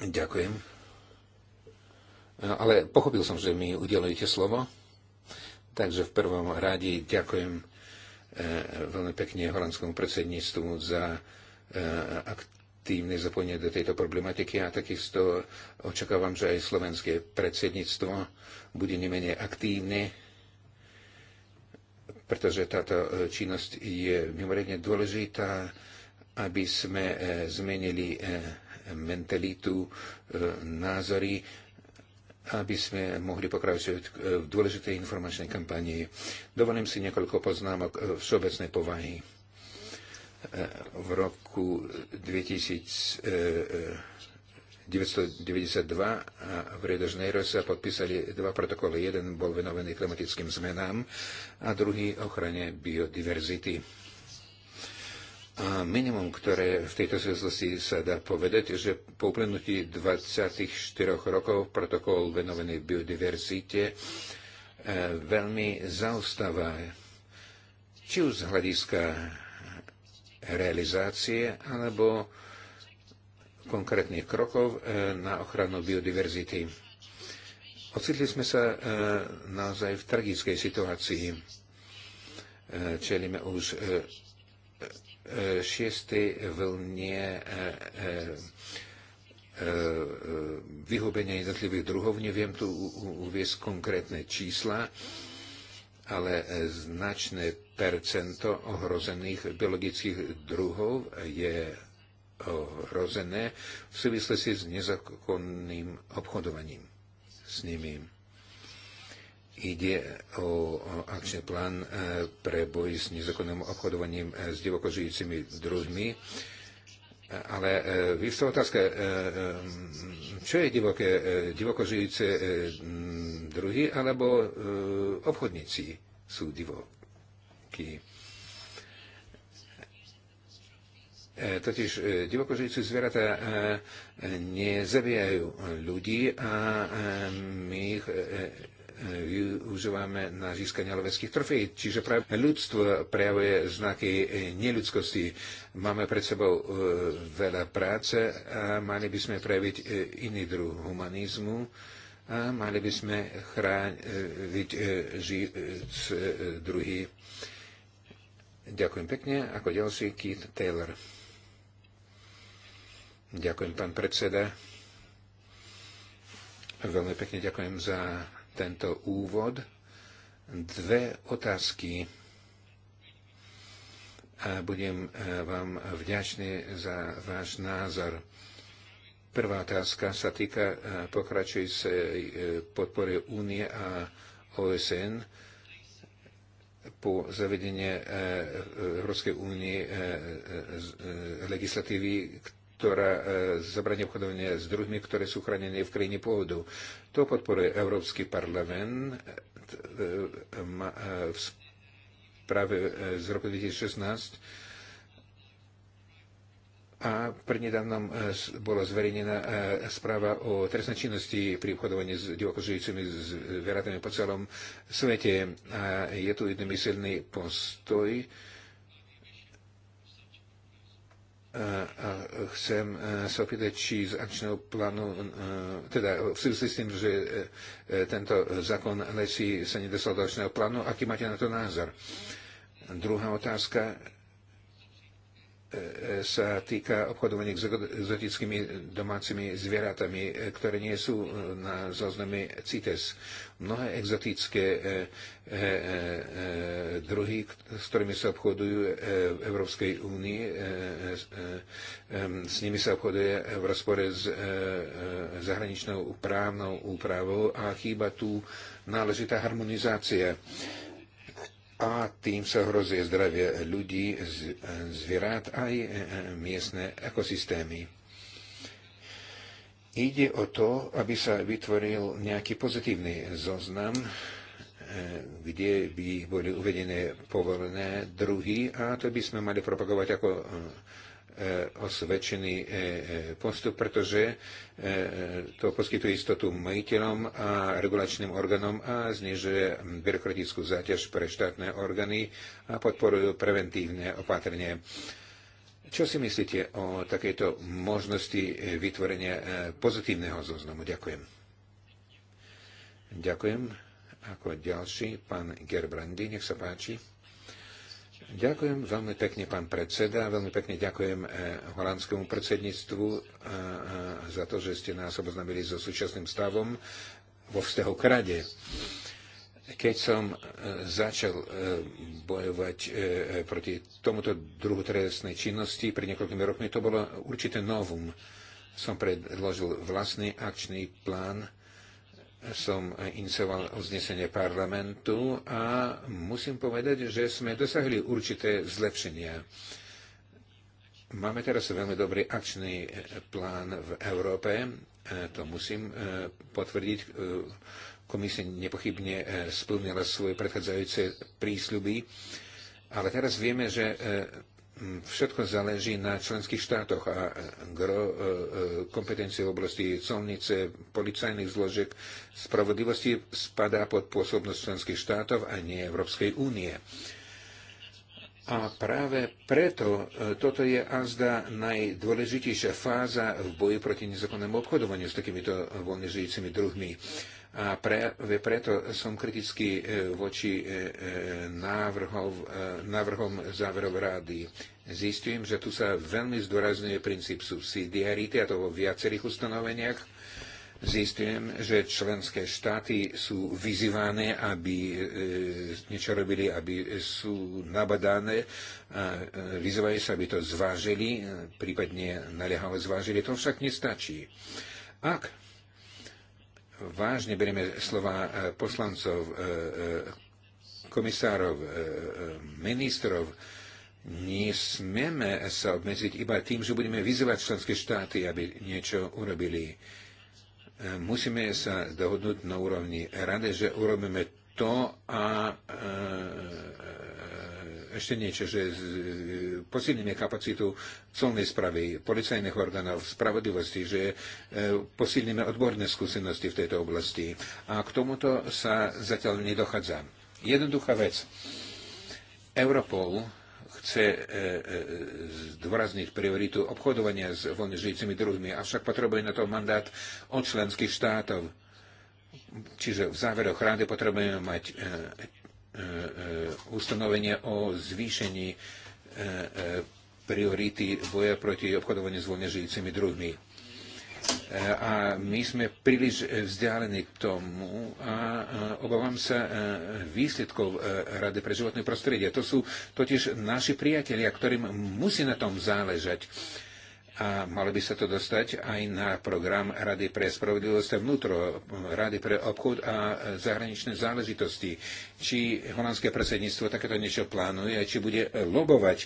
Ďakujem. E, ale pochopil som, že mi udelujete slovo. Takže v prvom rade ďakujem e, veľmi pekne holandskému predsedníctvu za e, aktívne zapojenie do tejto problematiky a takisto očakávam, že aj slovenské predsedníctvo bude nemenej aktívne, pretože táto činnosť je mimoriadne dôležitá, aby sme zmenili mentalitu, e, názory, aby sme mohli pokračovať e, v dôležitej informačnej kampanii. Dovolím si niekoľko poznámok e, všeobecnej povahy. V roku 1992 v Rio de Janeiro sa podpísali dva protokoly. Jeden bol venovaný klimatickým zmenám a druhý ochrane biodiverzity a minimum, ktoré v tejto súvislosti sa dá povedať, že po uplynutí 24 rokov protokol venovaný biodiverzite e, veľmi zaostáva či už z hľadiska realizácie alebo konkrétnych krokov e, na ochranu biodiverzity. Ocitli sme sa e, naozaj v tragickej situácii. Čelíme už šiestej vlne e, e, e, vyhubenia jednotlivých druhov. Neviem tu uviesť konkrétne čísla, ale značné percento ohrozených biologických druhov je ohrozené v súvislosti s nezákonným obchodovaním s nimi. Ide o akčný plán e, pre boj s nezakonným obchodovaním e, s divoko žijúcimi druhmi. E, ale vyvstala otázka, čo je divoké, divoko žijúce druhy alebo obchodníci sú divokí. Totiž divoko žijúce zvieratá nezabíjajú ľudí a my ich využívame na získanie loveckých trofejí. Čiže práve ľudstvo prejavuje znaky neľudskosti. Máme pred sebou e, veľa práce a mali by sme prejaviť e, iný druh humanizmu a mali by sme chrániť e, žiť druhý. Ďakujem pekne. Ako ďalší Keith Taylor. Ďakujem, pán predseda. Veľmi pekne ďakujem za tento úvod. Dve otázky. A budem e, vám vďačný za váš názor. Prvá otázka sa týka e, pokračujúcej e, podpory únie a OSN po zavedenie Európskej únie legislatívy, ktorá e, zabranie obchodovania s druhmi, ktoré sú chránené v krajine pôvodu. To podporuje Európsky parlament e, e, v správe z roku 2016 a prednedávnom bola zverejnená správa o trestnej činnosti pri obchodovaní s divokožujúcimi žijúcimi zvieratami po celom svete. A je tu jednomyselný postoj, a chcem sa opýtať, či z akčného plánu, e, teda v súvislosti s tým, že e, tento zákon lesí sa nedostal do akčného plánu, aký máte na to názor? Druhá otázka E, sa týka obchodovania s exotickými domácimi zvieratami, e, ktoré nie sú e, na zozname CITES. Mnohé exotické druhy, s ktorými sa obchodujú v Európskej únii, s nimi sa obchoduje v rozpore s zahraničnou právnou úpravou a chýba tu náležitá harmonizácia a tým sa hrozuje zdravie ľudí, zvierat aj e, e, miestne ekosystémy. Ide o to, aby sa vytvoril nejaký pozitívny zoznam, e, kde by boli uvedené povolené druhy a to by sme mali propagovať ako E, osvedčený e, e, postup, pretože to poskytuje istotu majiteľom a regulačným orgánom a znižuje byrokratickú záťaž pre štátne orgány a podporujú preventívne opatrenie. Čo si myslíte o takejto možnosti vytvorenia pozitívneho zoznamu? Ďakujem. Ďakujem. Ako ďalší, pán Gerbrandy, nech sa páči. Ďakujem veľmi pekne, pán predseda. Veľmi pekne ďakujem eh, holandskému predsedníctvu eh, eh, za to, že ste nás oboznámili so súčasným stavom vo vzťahu k rade. Keď som začal bojovať proti tomuto druhu trestnej činnosti pred niekoľkými rokmi, to bolo určité novum. Som predložil vlastný akčný plán som inicioval uznesenie parlamentu a musím povedať, že sme dosahli určité zlepšenia. Máme teraz veľmi dobrý akčný e, plán v Európe, e, to musím e, potvrdiť. Komisia nepochybne splnila svoje predchádzajúce prísľuby, ale teraz vieme, že všetko záleží na členských štátoch a gro e, e, kompetencie v oblasti colnice, policajných zložiek spravodlivosti spadá pod pôsobnosť členských štátov a nie Európskej únie. A práve preto e, toto je azda najdôležitejšia fáza v boji proti nezákonnému obchodovaniu s takýmito voľne žijúcimi druhmi. A pre, preto som kritický e, voči e, e, návrhov, návrhom záverov rády. Zistujem, že tu sa veľmi zdôrazňuje princíp subsidiarity, a to vo viacerých ustanoveniach. Zistujem, že členské štáty sú vyzývané, aby niečo robili, aby sú nabadané, a vyzývajú sa, aby to zvážili, prípadne naliehavo zvážili. To však nestačí. Ak vážne berieme slova e, poslancov, e, e, komisárov, ministrov, nesmieme sa obmedziť iba tým, že budeme vyzývať členské štáty, aby niečo urobili. Musíme sa dohodnúť na úrovni rade, že urobíme to a ešte niečo, že posilníme kapacitu colnej správy, policajných orgánov, spravodlivosti, že e, posilníme odborné skúsenosti v tejto oblasti. A k tomuto sa zatiaľ nedochádza. Jednoduchá vec. Europol chce e, e, zdôrazniť prioritu obchodovania s voľne žijúcimi druhmi, avšak potrebuje na to mandát od členských štátov. Čiže v záveroch rády potrebujeme mať E, e, ustanovenie o zvýšení e, priority boja proti obchodovaniu s voľne žijúcimi druhmi. A my sme príliš vzdialení k tomu a obávam sa výsledkov Rady pre životné prostredie. To sú totiž naši priatelia, ktorým musí na tom záležať a malo by sa to dostať aj na program Rady pre spravodlivosť a vnútro, Rady pre obchod a zahraničné záležitosti. Či holandské predsedníctvo takéto niečo plánuje, či bude lobovať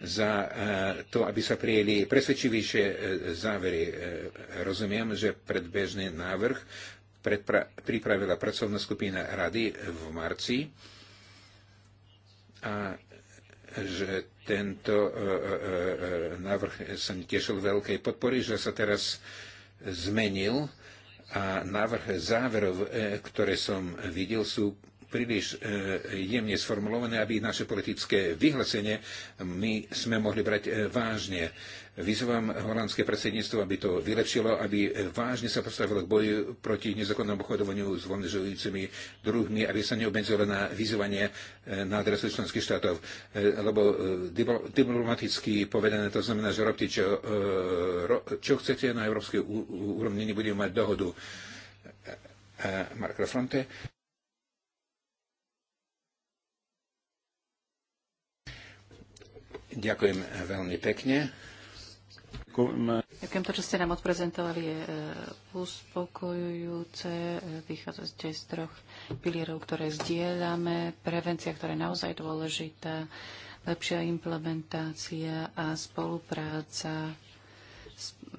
za e, to, aby sa prijeli presvedčivejšie e, závery. E, rozumiem, že predbežný návrh pripravila pracovná skupina Rady v marci a že tento e, e, e, návrh sa tešil veľkej podpory, že sa teraz zmenil a návrh záverov, ktoré som videl, sú príliš e, jemne sformulované, aby naše politické vyhlasenie, my sme mohli brať e, vážne. Vyzývam holandské predsedníctvo, aby to vylepšilo, aby e, vážne sa postavilo k boju proti nezakonnému obchodovaniu s voľnežujúcimi druhmi, aby sa neobmedzilo na vyzývanie na adresu členských štátov. Lebo diplomaticky povedané to znamená, že robte, čo, čo chcete, na európskej úrovni nebudeme mať dohodu. Marko Fronte. Ďakujem veľmi pekne. Ďakujem, to, čo ste nám odprezentovali, je e, uspokojujúce. E, Vychádzate z troch pilierov, ktoré zdieľame. Prevencia, ktorá je naozaj dôležitá, lepšia implementácia a spolupráca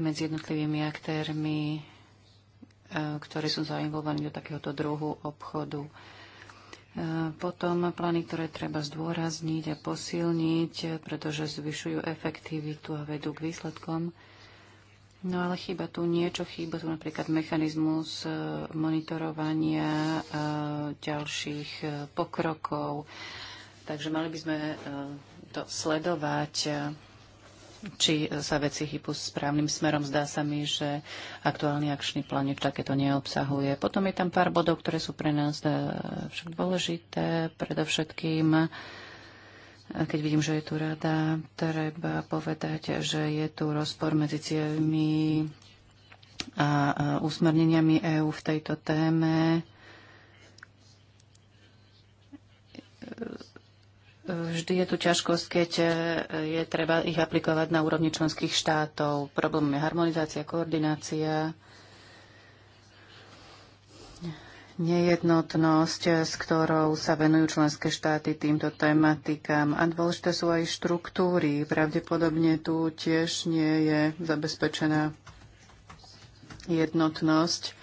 medzi jednotlivými aktérmi, e, ktorí sú zainvolvovaní do takéhoto druhu obchodu. E, potom plány, ktoré treba zdôrazniť a posilniť, pretože zvyšujú efektivitu a vedú k výsledkom. No ale chýba tu niečo, chýba tu napríklad mechanizmus e, monitorovania e, ďalších pokrokov. Takže mali by sme to sledovať či sa veci hýbu správnym smerom. Zdá sa mi, že aktuálny akčný plán nič takéto neobsahuje. Potom je tam pár bodov, ktoré sú pre nás e, však dôležité. Predovšetkým, e, keď vidím, že je tu rada, treba povedať, že je tu rozpor medzi cieľmi a e, usmerneniami EÚ v tejto téme Vždy je tu ťažkosť, keď e, je treba ich aplikovať na úrovni členských štátov. Problém je harmonizácia, koordinácia, nejednotnosť, s ktorou sa venujú členské štáty týmto tematikám. A dôležité sú aj štruktúry. Pravdepodobne tu tiež nie je zabezpečená jednotnosť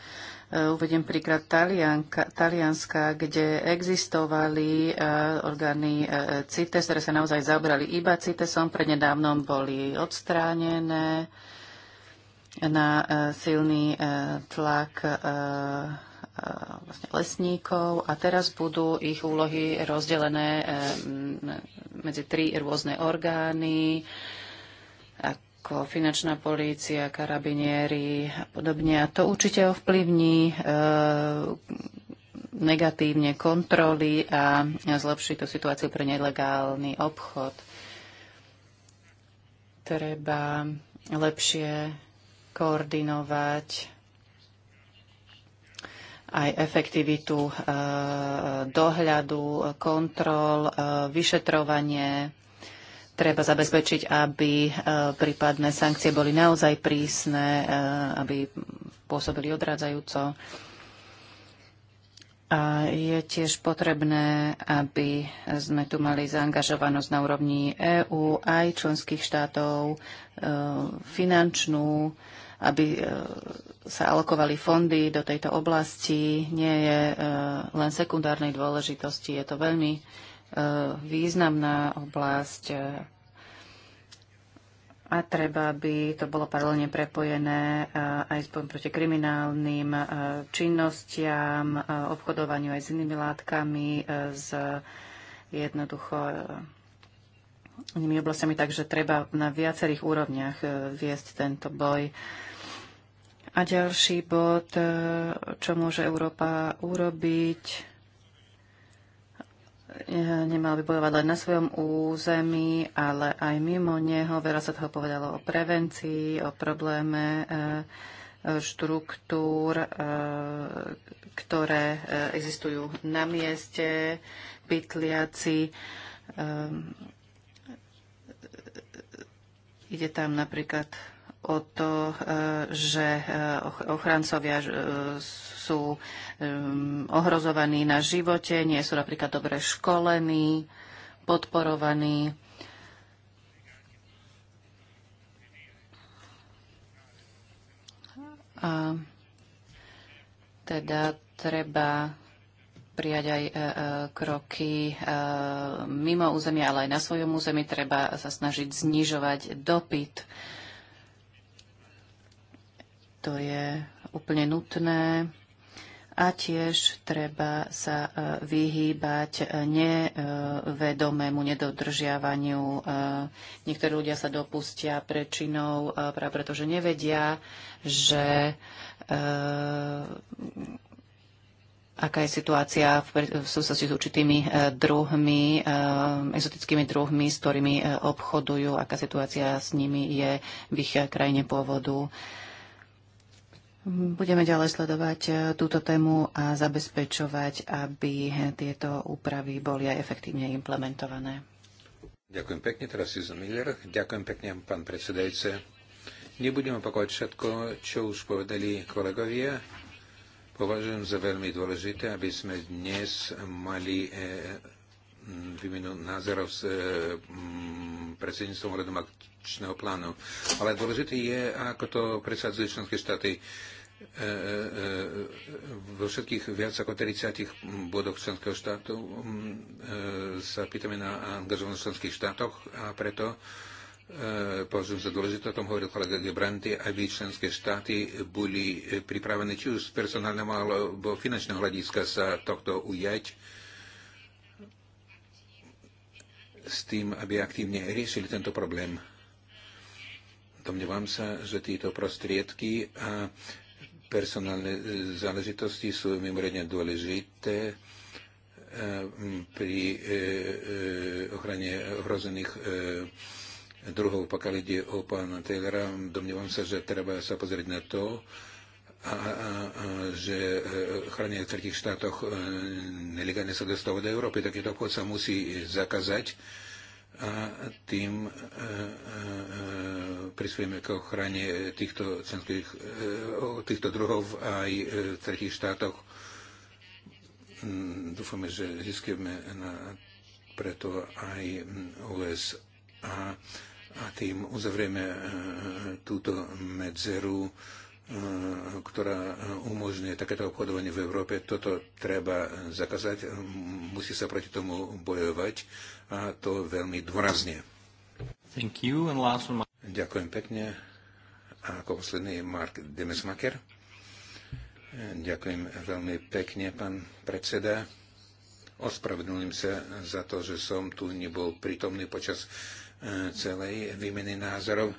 Eh, uvediem príklad Talianka, Talianska, kde existovali eh, orgány eh, CITES, ktoré sa naozaj zaoberali iba CITESom, prednedávnom boli odstránené na silný tlak vlastne lesníkov a teraz budú ich úlohy rozdelené medzi tri rôzne orgány a ako finančná polícia, karabinieri a podobne. A to určite ovplyvní e, negatívne kontroly a zlepší tú situáciu pre nelegálny obchod. Treba lepšie koordinovať aj efektivitu e, dohľadu, kontrol, e, vyšetrovanie Treba zabezpečiť, aby e, prípadné sankcie boli naozaj prísne, e, aby pôsobili odrádzajúco. A je tiež potrebné, aby sme tu mali zaangažovanosť na úrovni EÚ aj členských štátov, e, finančnú, aby sa alokovali fondy do tejto oblasti. Nie je len sekundárnej dôležitosti, je to veľmi E, významná oblasť e, a treba, aby to bolo paralelne prepojené e, aj s bojom proti kriminálnym činnostiam, obchodovaniu aj s inými látkami, s jednoducho inými oblastiami, takže treba na viacerých úrovniach viesť tento boj. A ďalší bod, čo môže Európa urobiť, Eh, nemal by bojovať len na svojom území, ale aj mimo neho. Veľa sa toho povedalo o prevencii, o probléme eh, štruktúr, eh, ktoré existujú na mieste, bytliaci. Ide tam napríklad o to, e, že e, ochrancovia e, sú ohrozovaní na živote, nie sú napríklad dobre školení, podporovaní. A teda treba prijať aj kroky mimo územia, ale aj na svojom území treba sa snažiť znižovať dopyt to je úplne nutné. A tiež treba sa e, vyhýbať e, nevedomému nedodržiavaniu. E, niektorí ľudia sa dopustia prečinou, práve preto, že nevedia, že aká je situácia v, v súvislosti s určitými druhmi, exotickými druhmi, s ktorými obchodujú, aká situácia s nimi je v ich krajine pôvodu. Budeme ďalej sledovať e, túto tému a zabezpečovať, aby tieto úpravy boli aj efektívne implementované. Ďakujem pekne, teraz si Miller. Ďakujem pekne, pán predsedajúce. Nebudem opakovať všetko, čo už povedali kolegovia. Považujem za veľmi dôležité, aby sme dnes mali e, výmenu názorov s e, predsedníctvom Radom akčného plánu. Ale dôležité je, ako to presadzuje členské štáty vo všetkých viac ako 30 bodoch členského štátu mm, e, sa pýtame na angažovanosť členských štátoch a preto e, považujem za dôležité, o tom hovoril kolega Gebranty, aby členské štáty boli pripravené či už z personálneho alebo finančného hľadiska sa tohto ujať s tým, aby aktívne riešili tento problém. Domnievam sa, že tieto prostriedky a personálne e, záležitosti sú mimoriadne dôležité e, pri e, ochrane ohrozených druhov. Pokiaľ ide o pána Taylora, domnievam sa, že treba sa pozrieť na to, a, a, a, že ochrane v tretich štátoch nelegálne sa dostáva do Európy, takýto obchod sa musí zakázať a tým e, e, e, prispieme k ochrane týchto, cenských, týchto druhov aj v tretich štátoch. Mm, dúfame, že získame na preto aj mm, USA a tým uzavrieme túto medzeru Eh, ktorá umožňuje takéto obchodovanie v Európe. Toto treba zakázať, musí sa proti tomu bojovať a to veľmi dôrazne. Thank you. And last one... Ďakujem pekne. A ako posledný je Mark Demesmaker. Ďakujem veľmi pekne, pán predseda. Ospravedlňujem sa za to, že som tu nebol prítomný počas eh, celej výmeny názorov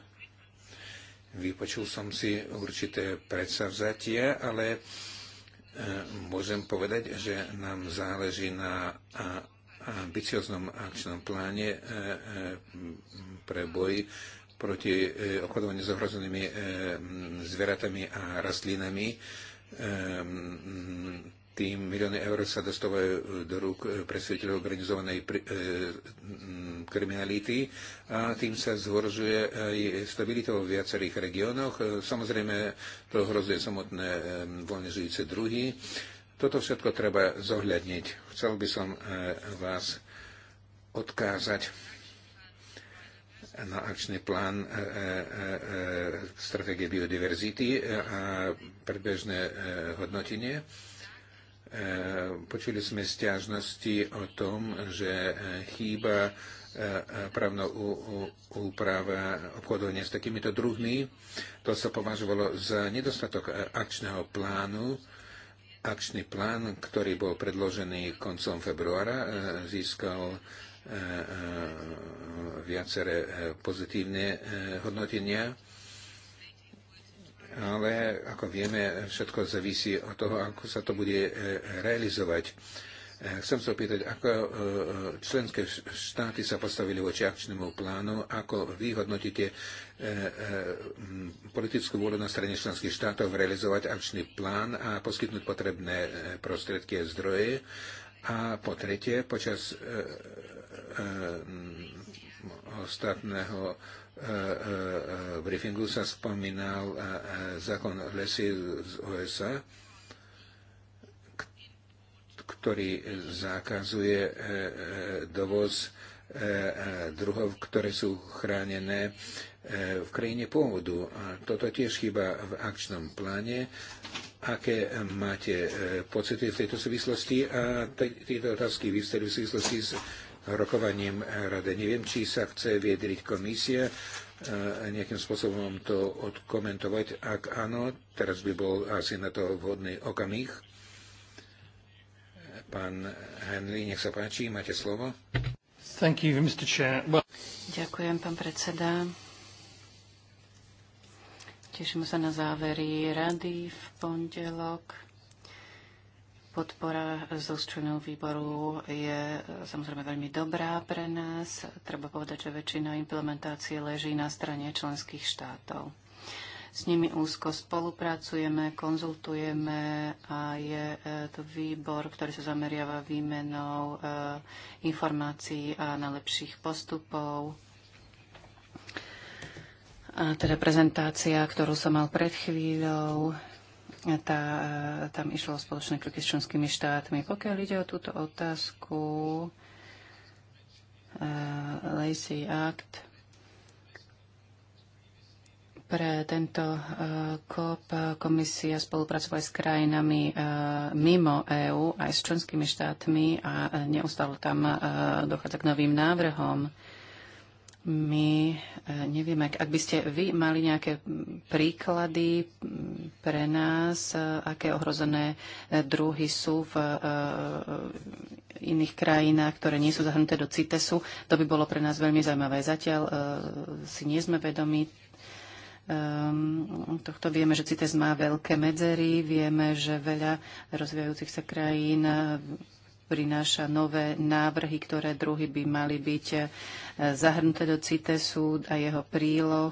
Vypočul som si určité predsavzatie, ale e, môžem povedať, že nám záleží na ambicioznom akčnom pláne e, e, pre boj proti obchodovaniu s ohrozenými zvieratami a rastlinami tým milióny eur sa dostávajú e, do rúk e, predstaviteľov organizovanej pri, e, kriminality a tým sa zhorzuje aj stabilita vo viacerých regiónoch. E, samozrejme, to hrozuje samotné e, voľne žijúce druhy. Toto všetko treba zohľadniť. Chcel by som e, vás odkázať na akčný plán e, e, e, stratégie biodiverzity a predbežné hodnotenie. E, počuli sme stiažnosti o tom, že e, chýba e, právna úprava obchodovania s takýmito druhmi. To sa považovalo za nedostatok akčného plánu. Akčný plán, ktorý bol predložený koncom februára, získal viaceré pozitívne hodnotenia ale ako vieme, všetko závisí od toho, ako sa to bude e, realizovať. E, chcem sa opýtať, ako e, členské štáty sa postavili voči akčnému plánu, ako vy hodnotíte politickú vôľu na strane členských štátov realizovať akčný plán a poskytnúť potrebné prostriedky a zdroje. A po tretie, počas ostatného E, e, e, briefingu sa spomínal zákon lesy z USA, ktorý zakazuje dovoz druhov, ktoré sú chránené v krajine pôvodu. toto tiež chyba v akčnom pláne. Aké máte pocity v tejto súvislosti a tieto otázky vyvstali v súvislosti s rokovaním rade. Neviem, či sa chce viedriť komisia, eh, nejakým spôsobom to odkomentovať. Ak áno, teraz by bol asi na to vhodný okamih. Pán Henry, nech sa páči, máte slovo. Thank you, Mr. Chair. Well... Ďakujem, pán predseda. Tešíme sa na závery rady v pondelok. Podpora zo členov výboru je e, samozrejme veľmi dobrá pre nás. Treba povedať, že väčšina implementácie leží na strane členských štátov. S nimi úzko spolupracujeme, konzultujeme a je e, to výbor, ktorý sa zameriava výmenou e, informácií a najlepších postupov. A teda prezentácia, ktorú som mal pred chvíľou, tá, e, tam išlo spoločné kroky s členskými štátmi. Pokiaľ ide o túto otázku, uh, Lacey Act, pre tento uh, e, COP komisia spolupracovať s krajinami uh, mimo EÚ aj s členskými štátmi a neustále tam uh, dochádza k novým návrhom. Uh, my e, nevieme, ak, ak by ste vy mali nejaké príklady pre nás, e, aké ohrozené e, druhy sú v iných krajinách, ktoré nie sú zahrnuté do CITESu, to by bolo pre nás veľmi zaujímavé. Zatiaľ si nie sme vedomi ehm, tohto vieme, že CITES má veľké medzery, vieme, že veľa rozvíjajúcich sa krajín prináša nové návrhy, ktoré druhy by mali byť eh, zahrnuté do CITESu a jeho príloh.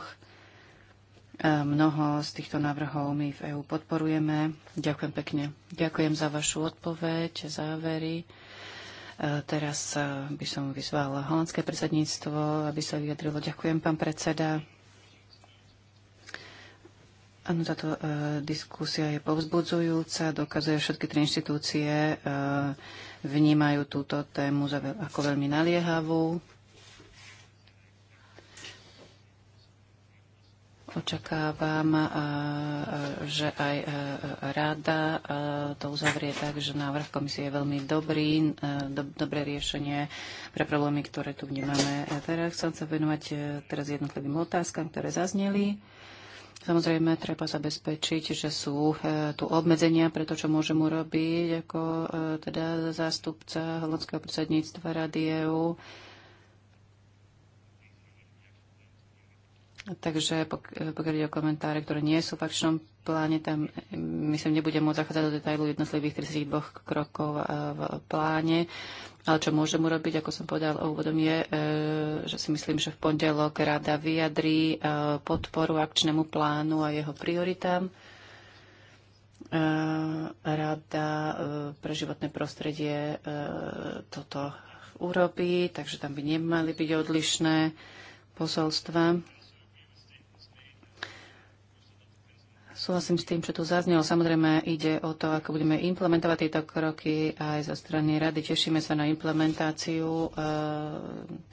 Eh, mnoho z týchto návrhov my v EÚ podporujeme. Ďakujem pekne. Ďakujem za vašu odpoveď, závery. Eh, teraz by som vyzvala holandské predsedníctvo, aby sa vyjadrilo. Ďakujem, pán predseda. Áno, táto e, diskusia je povzbudzujúca, dokazuje všetky tri inštitúcie e, vnímajú túto tému ako veľmi naliehavú. Očakávam, že aj rada to uzavrie tak, že návrh komisie je veľmi dobrý, do, dobré riešenie pre problémy, ktoré tu vnímame. Teraz chcem sa venovať e, teraz jednotlivým otázkam, ktoré zazneli. Samozrejme, treba zabezpečiť, že sú e, tu obmedzenia pre to, čo môžem urobiť ako e, teda zástupca holandského predsedníctva Rady EU. Takže pokiaľ ide o komentáre, ktoré nie sú v akčnom pláne, tam eh, myslím, nebudem môcť zachádzať do detailu jednotlivých 32 krokov eh, v pláne. Ale čo môžem urobiť, ako som povedal úvodom, je, eh, že si myslím, že v pondelok rada vyjadrí podporu akčnému plánu a jeho prioritám. Rada pre životné prostredie toto urobí, takže tam by nemali byť odlišné posolstva. Súhlasím s tým, čo tu zaznelo. Samozrejme ide o to, ako budeme implementovať tieto kroky aj zo strany rady. Tešíme sa na implementáciu e,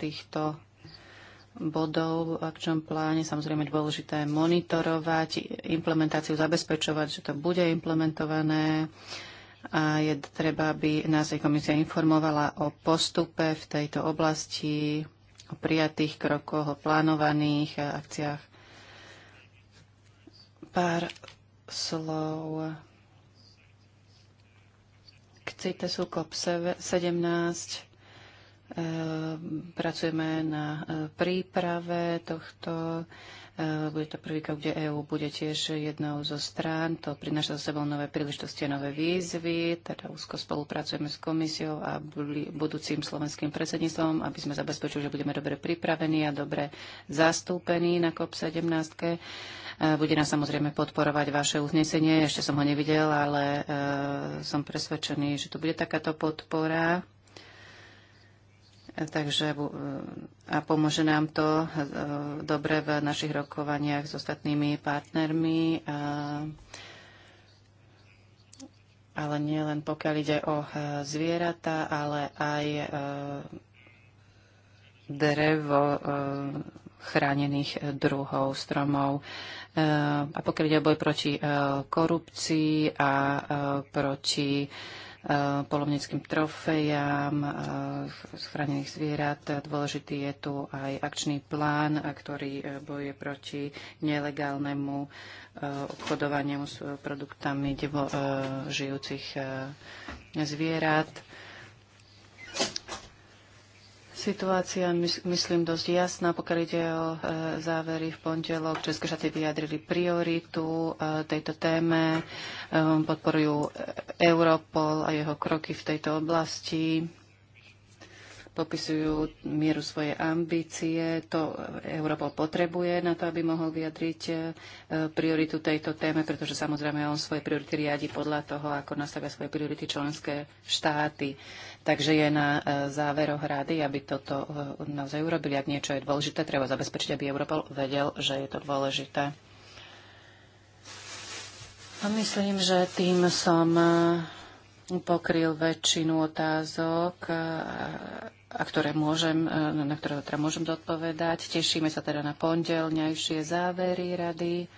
týchto bodov v akčnom pláne. Samozrejme dôležité je monitorovať implementáciu, zabezpečovať, že to bude implementované a je treba, aby nás aj komisia informovala o postupe v tejto oblasti, o prijatých krokoch, o plánovaných akciách pár slov k CITESu COP17. E, pracujeme na e, príprave tohto Eh, bude to prvý krok, kde EÚ bude tiež jednou zo strán. To prináša za sebou nové príležitosti a nové výzvy. Teda úzko spolupracujeme s komisiou a budúcim slovenským predsedníctvom, aby sme zabezpečili, že budeme dobre pripravení a dobre zastúpení na COP17. Eh, bude nás samozrejme podporovať vaše uznesenie. Ešte som ho nevidel, ale eh, som presvedčený, že tu bude takáto podpora Takže a pomôže nám to e, dobre v našich rokovaniach s ostatnými partnermi, ale nie len pokiaľ ide o e, zvieratá, ale aj e, drevo chránených druhov stromov. A pokiaľ ide o boj proti korupcii a proti Eh, polovnickým trofejám eh, schránených zvierat. Dôležitý je tu aj akčný plán, eh, ktorý bojuje proti nelegálnemu obchodovaniu s produktami žijúcich zvierat. Situácia, myslím, dosť jasná, pokiaľ ide o e, závery v pondelok. České štáty vyjadrili prioritu e, tejto téme, e, podporujú Europol a jeho kroky v tejto oblasti popisujú mieru svoje ambície. To Europol potrebuje na to, aby mohol vyjadriť e, prioritu tejto téme, pretože samozrejme on svoje priority riadi podľa toho, ako nastavia svoje priority členské štáty. Takže je na e, záveroch rady, aby toto e, naozaj urobili. Ak niečo je dôležité, treba zabezpečiť, aby Europol vedel, že je to dôležité. A myslím, že tým som pokryl väčšinu otázok a ktoré môžem, e, na ktoré teda môžem zodpovedať. Tešíme sa teda na pondelňajšie závery rady,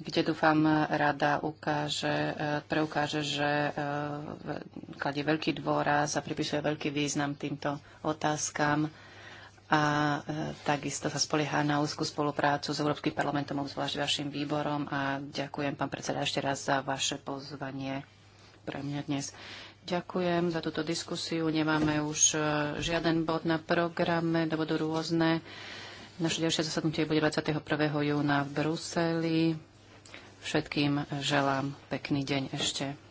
kde dúfam e, rada ukáže, e, preukáže, že kladie veľký dôraz a pripisuje veľký význam týmto otázkam a takisto sa spolieha na úzkú spoluprácu s Európskym parlamentom, obzvlášť vašim výborom a ďakujem, pán predseda, ešte raz za vaše pozvanie pre mňa dnes. Ďakujem za túto diskusiu. Nemáme už e, žiaden bod na programe, do bodu rôzne. Naše ďalšie zasadnutie bude 21. júna v Bruseli. Všetkým želám pekný deň ešte.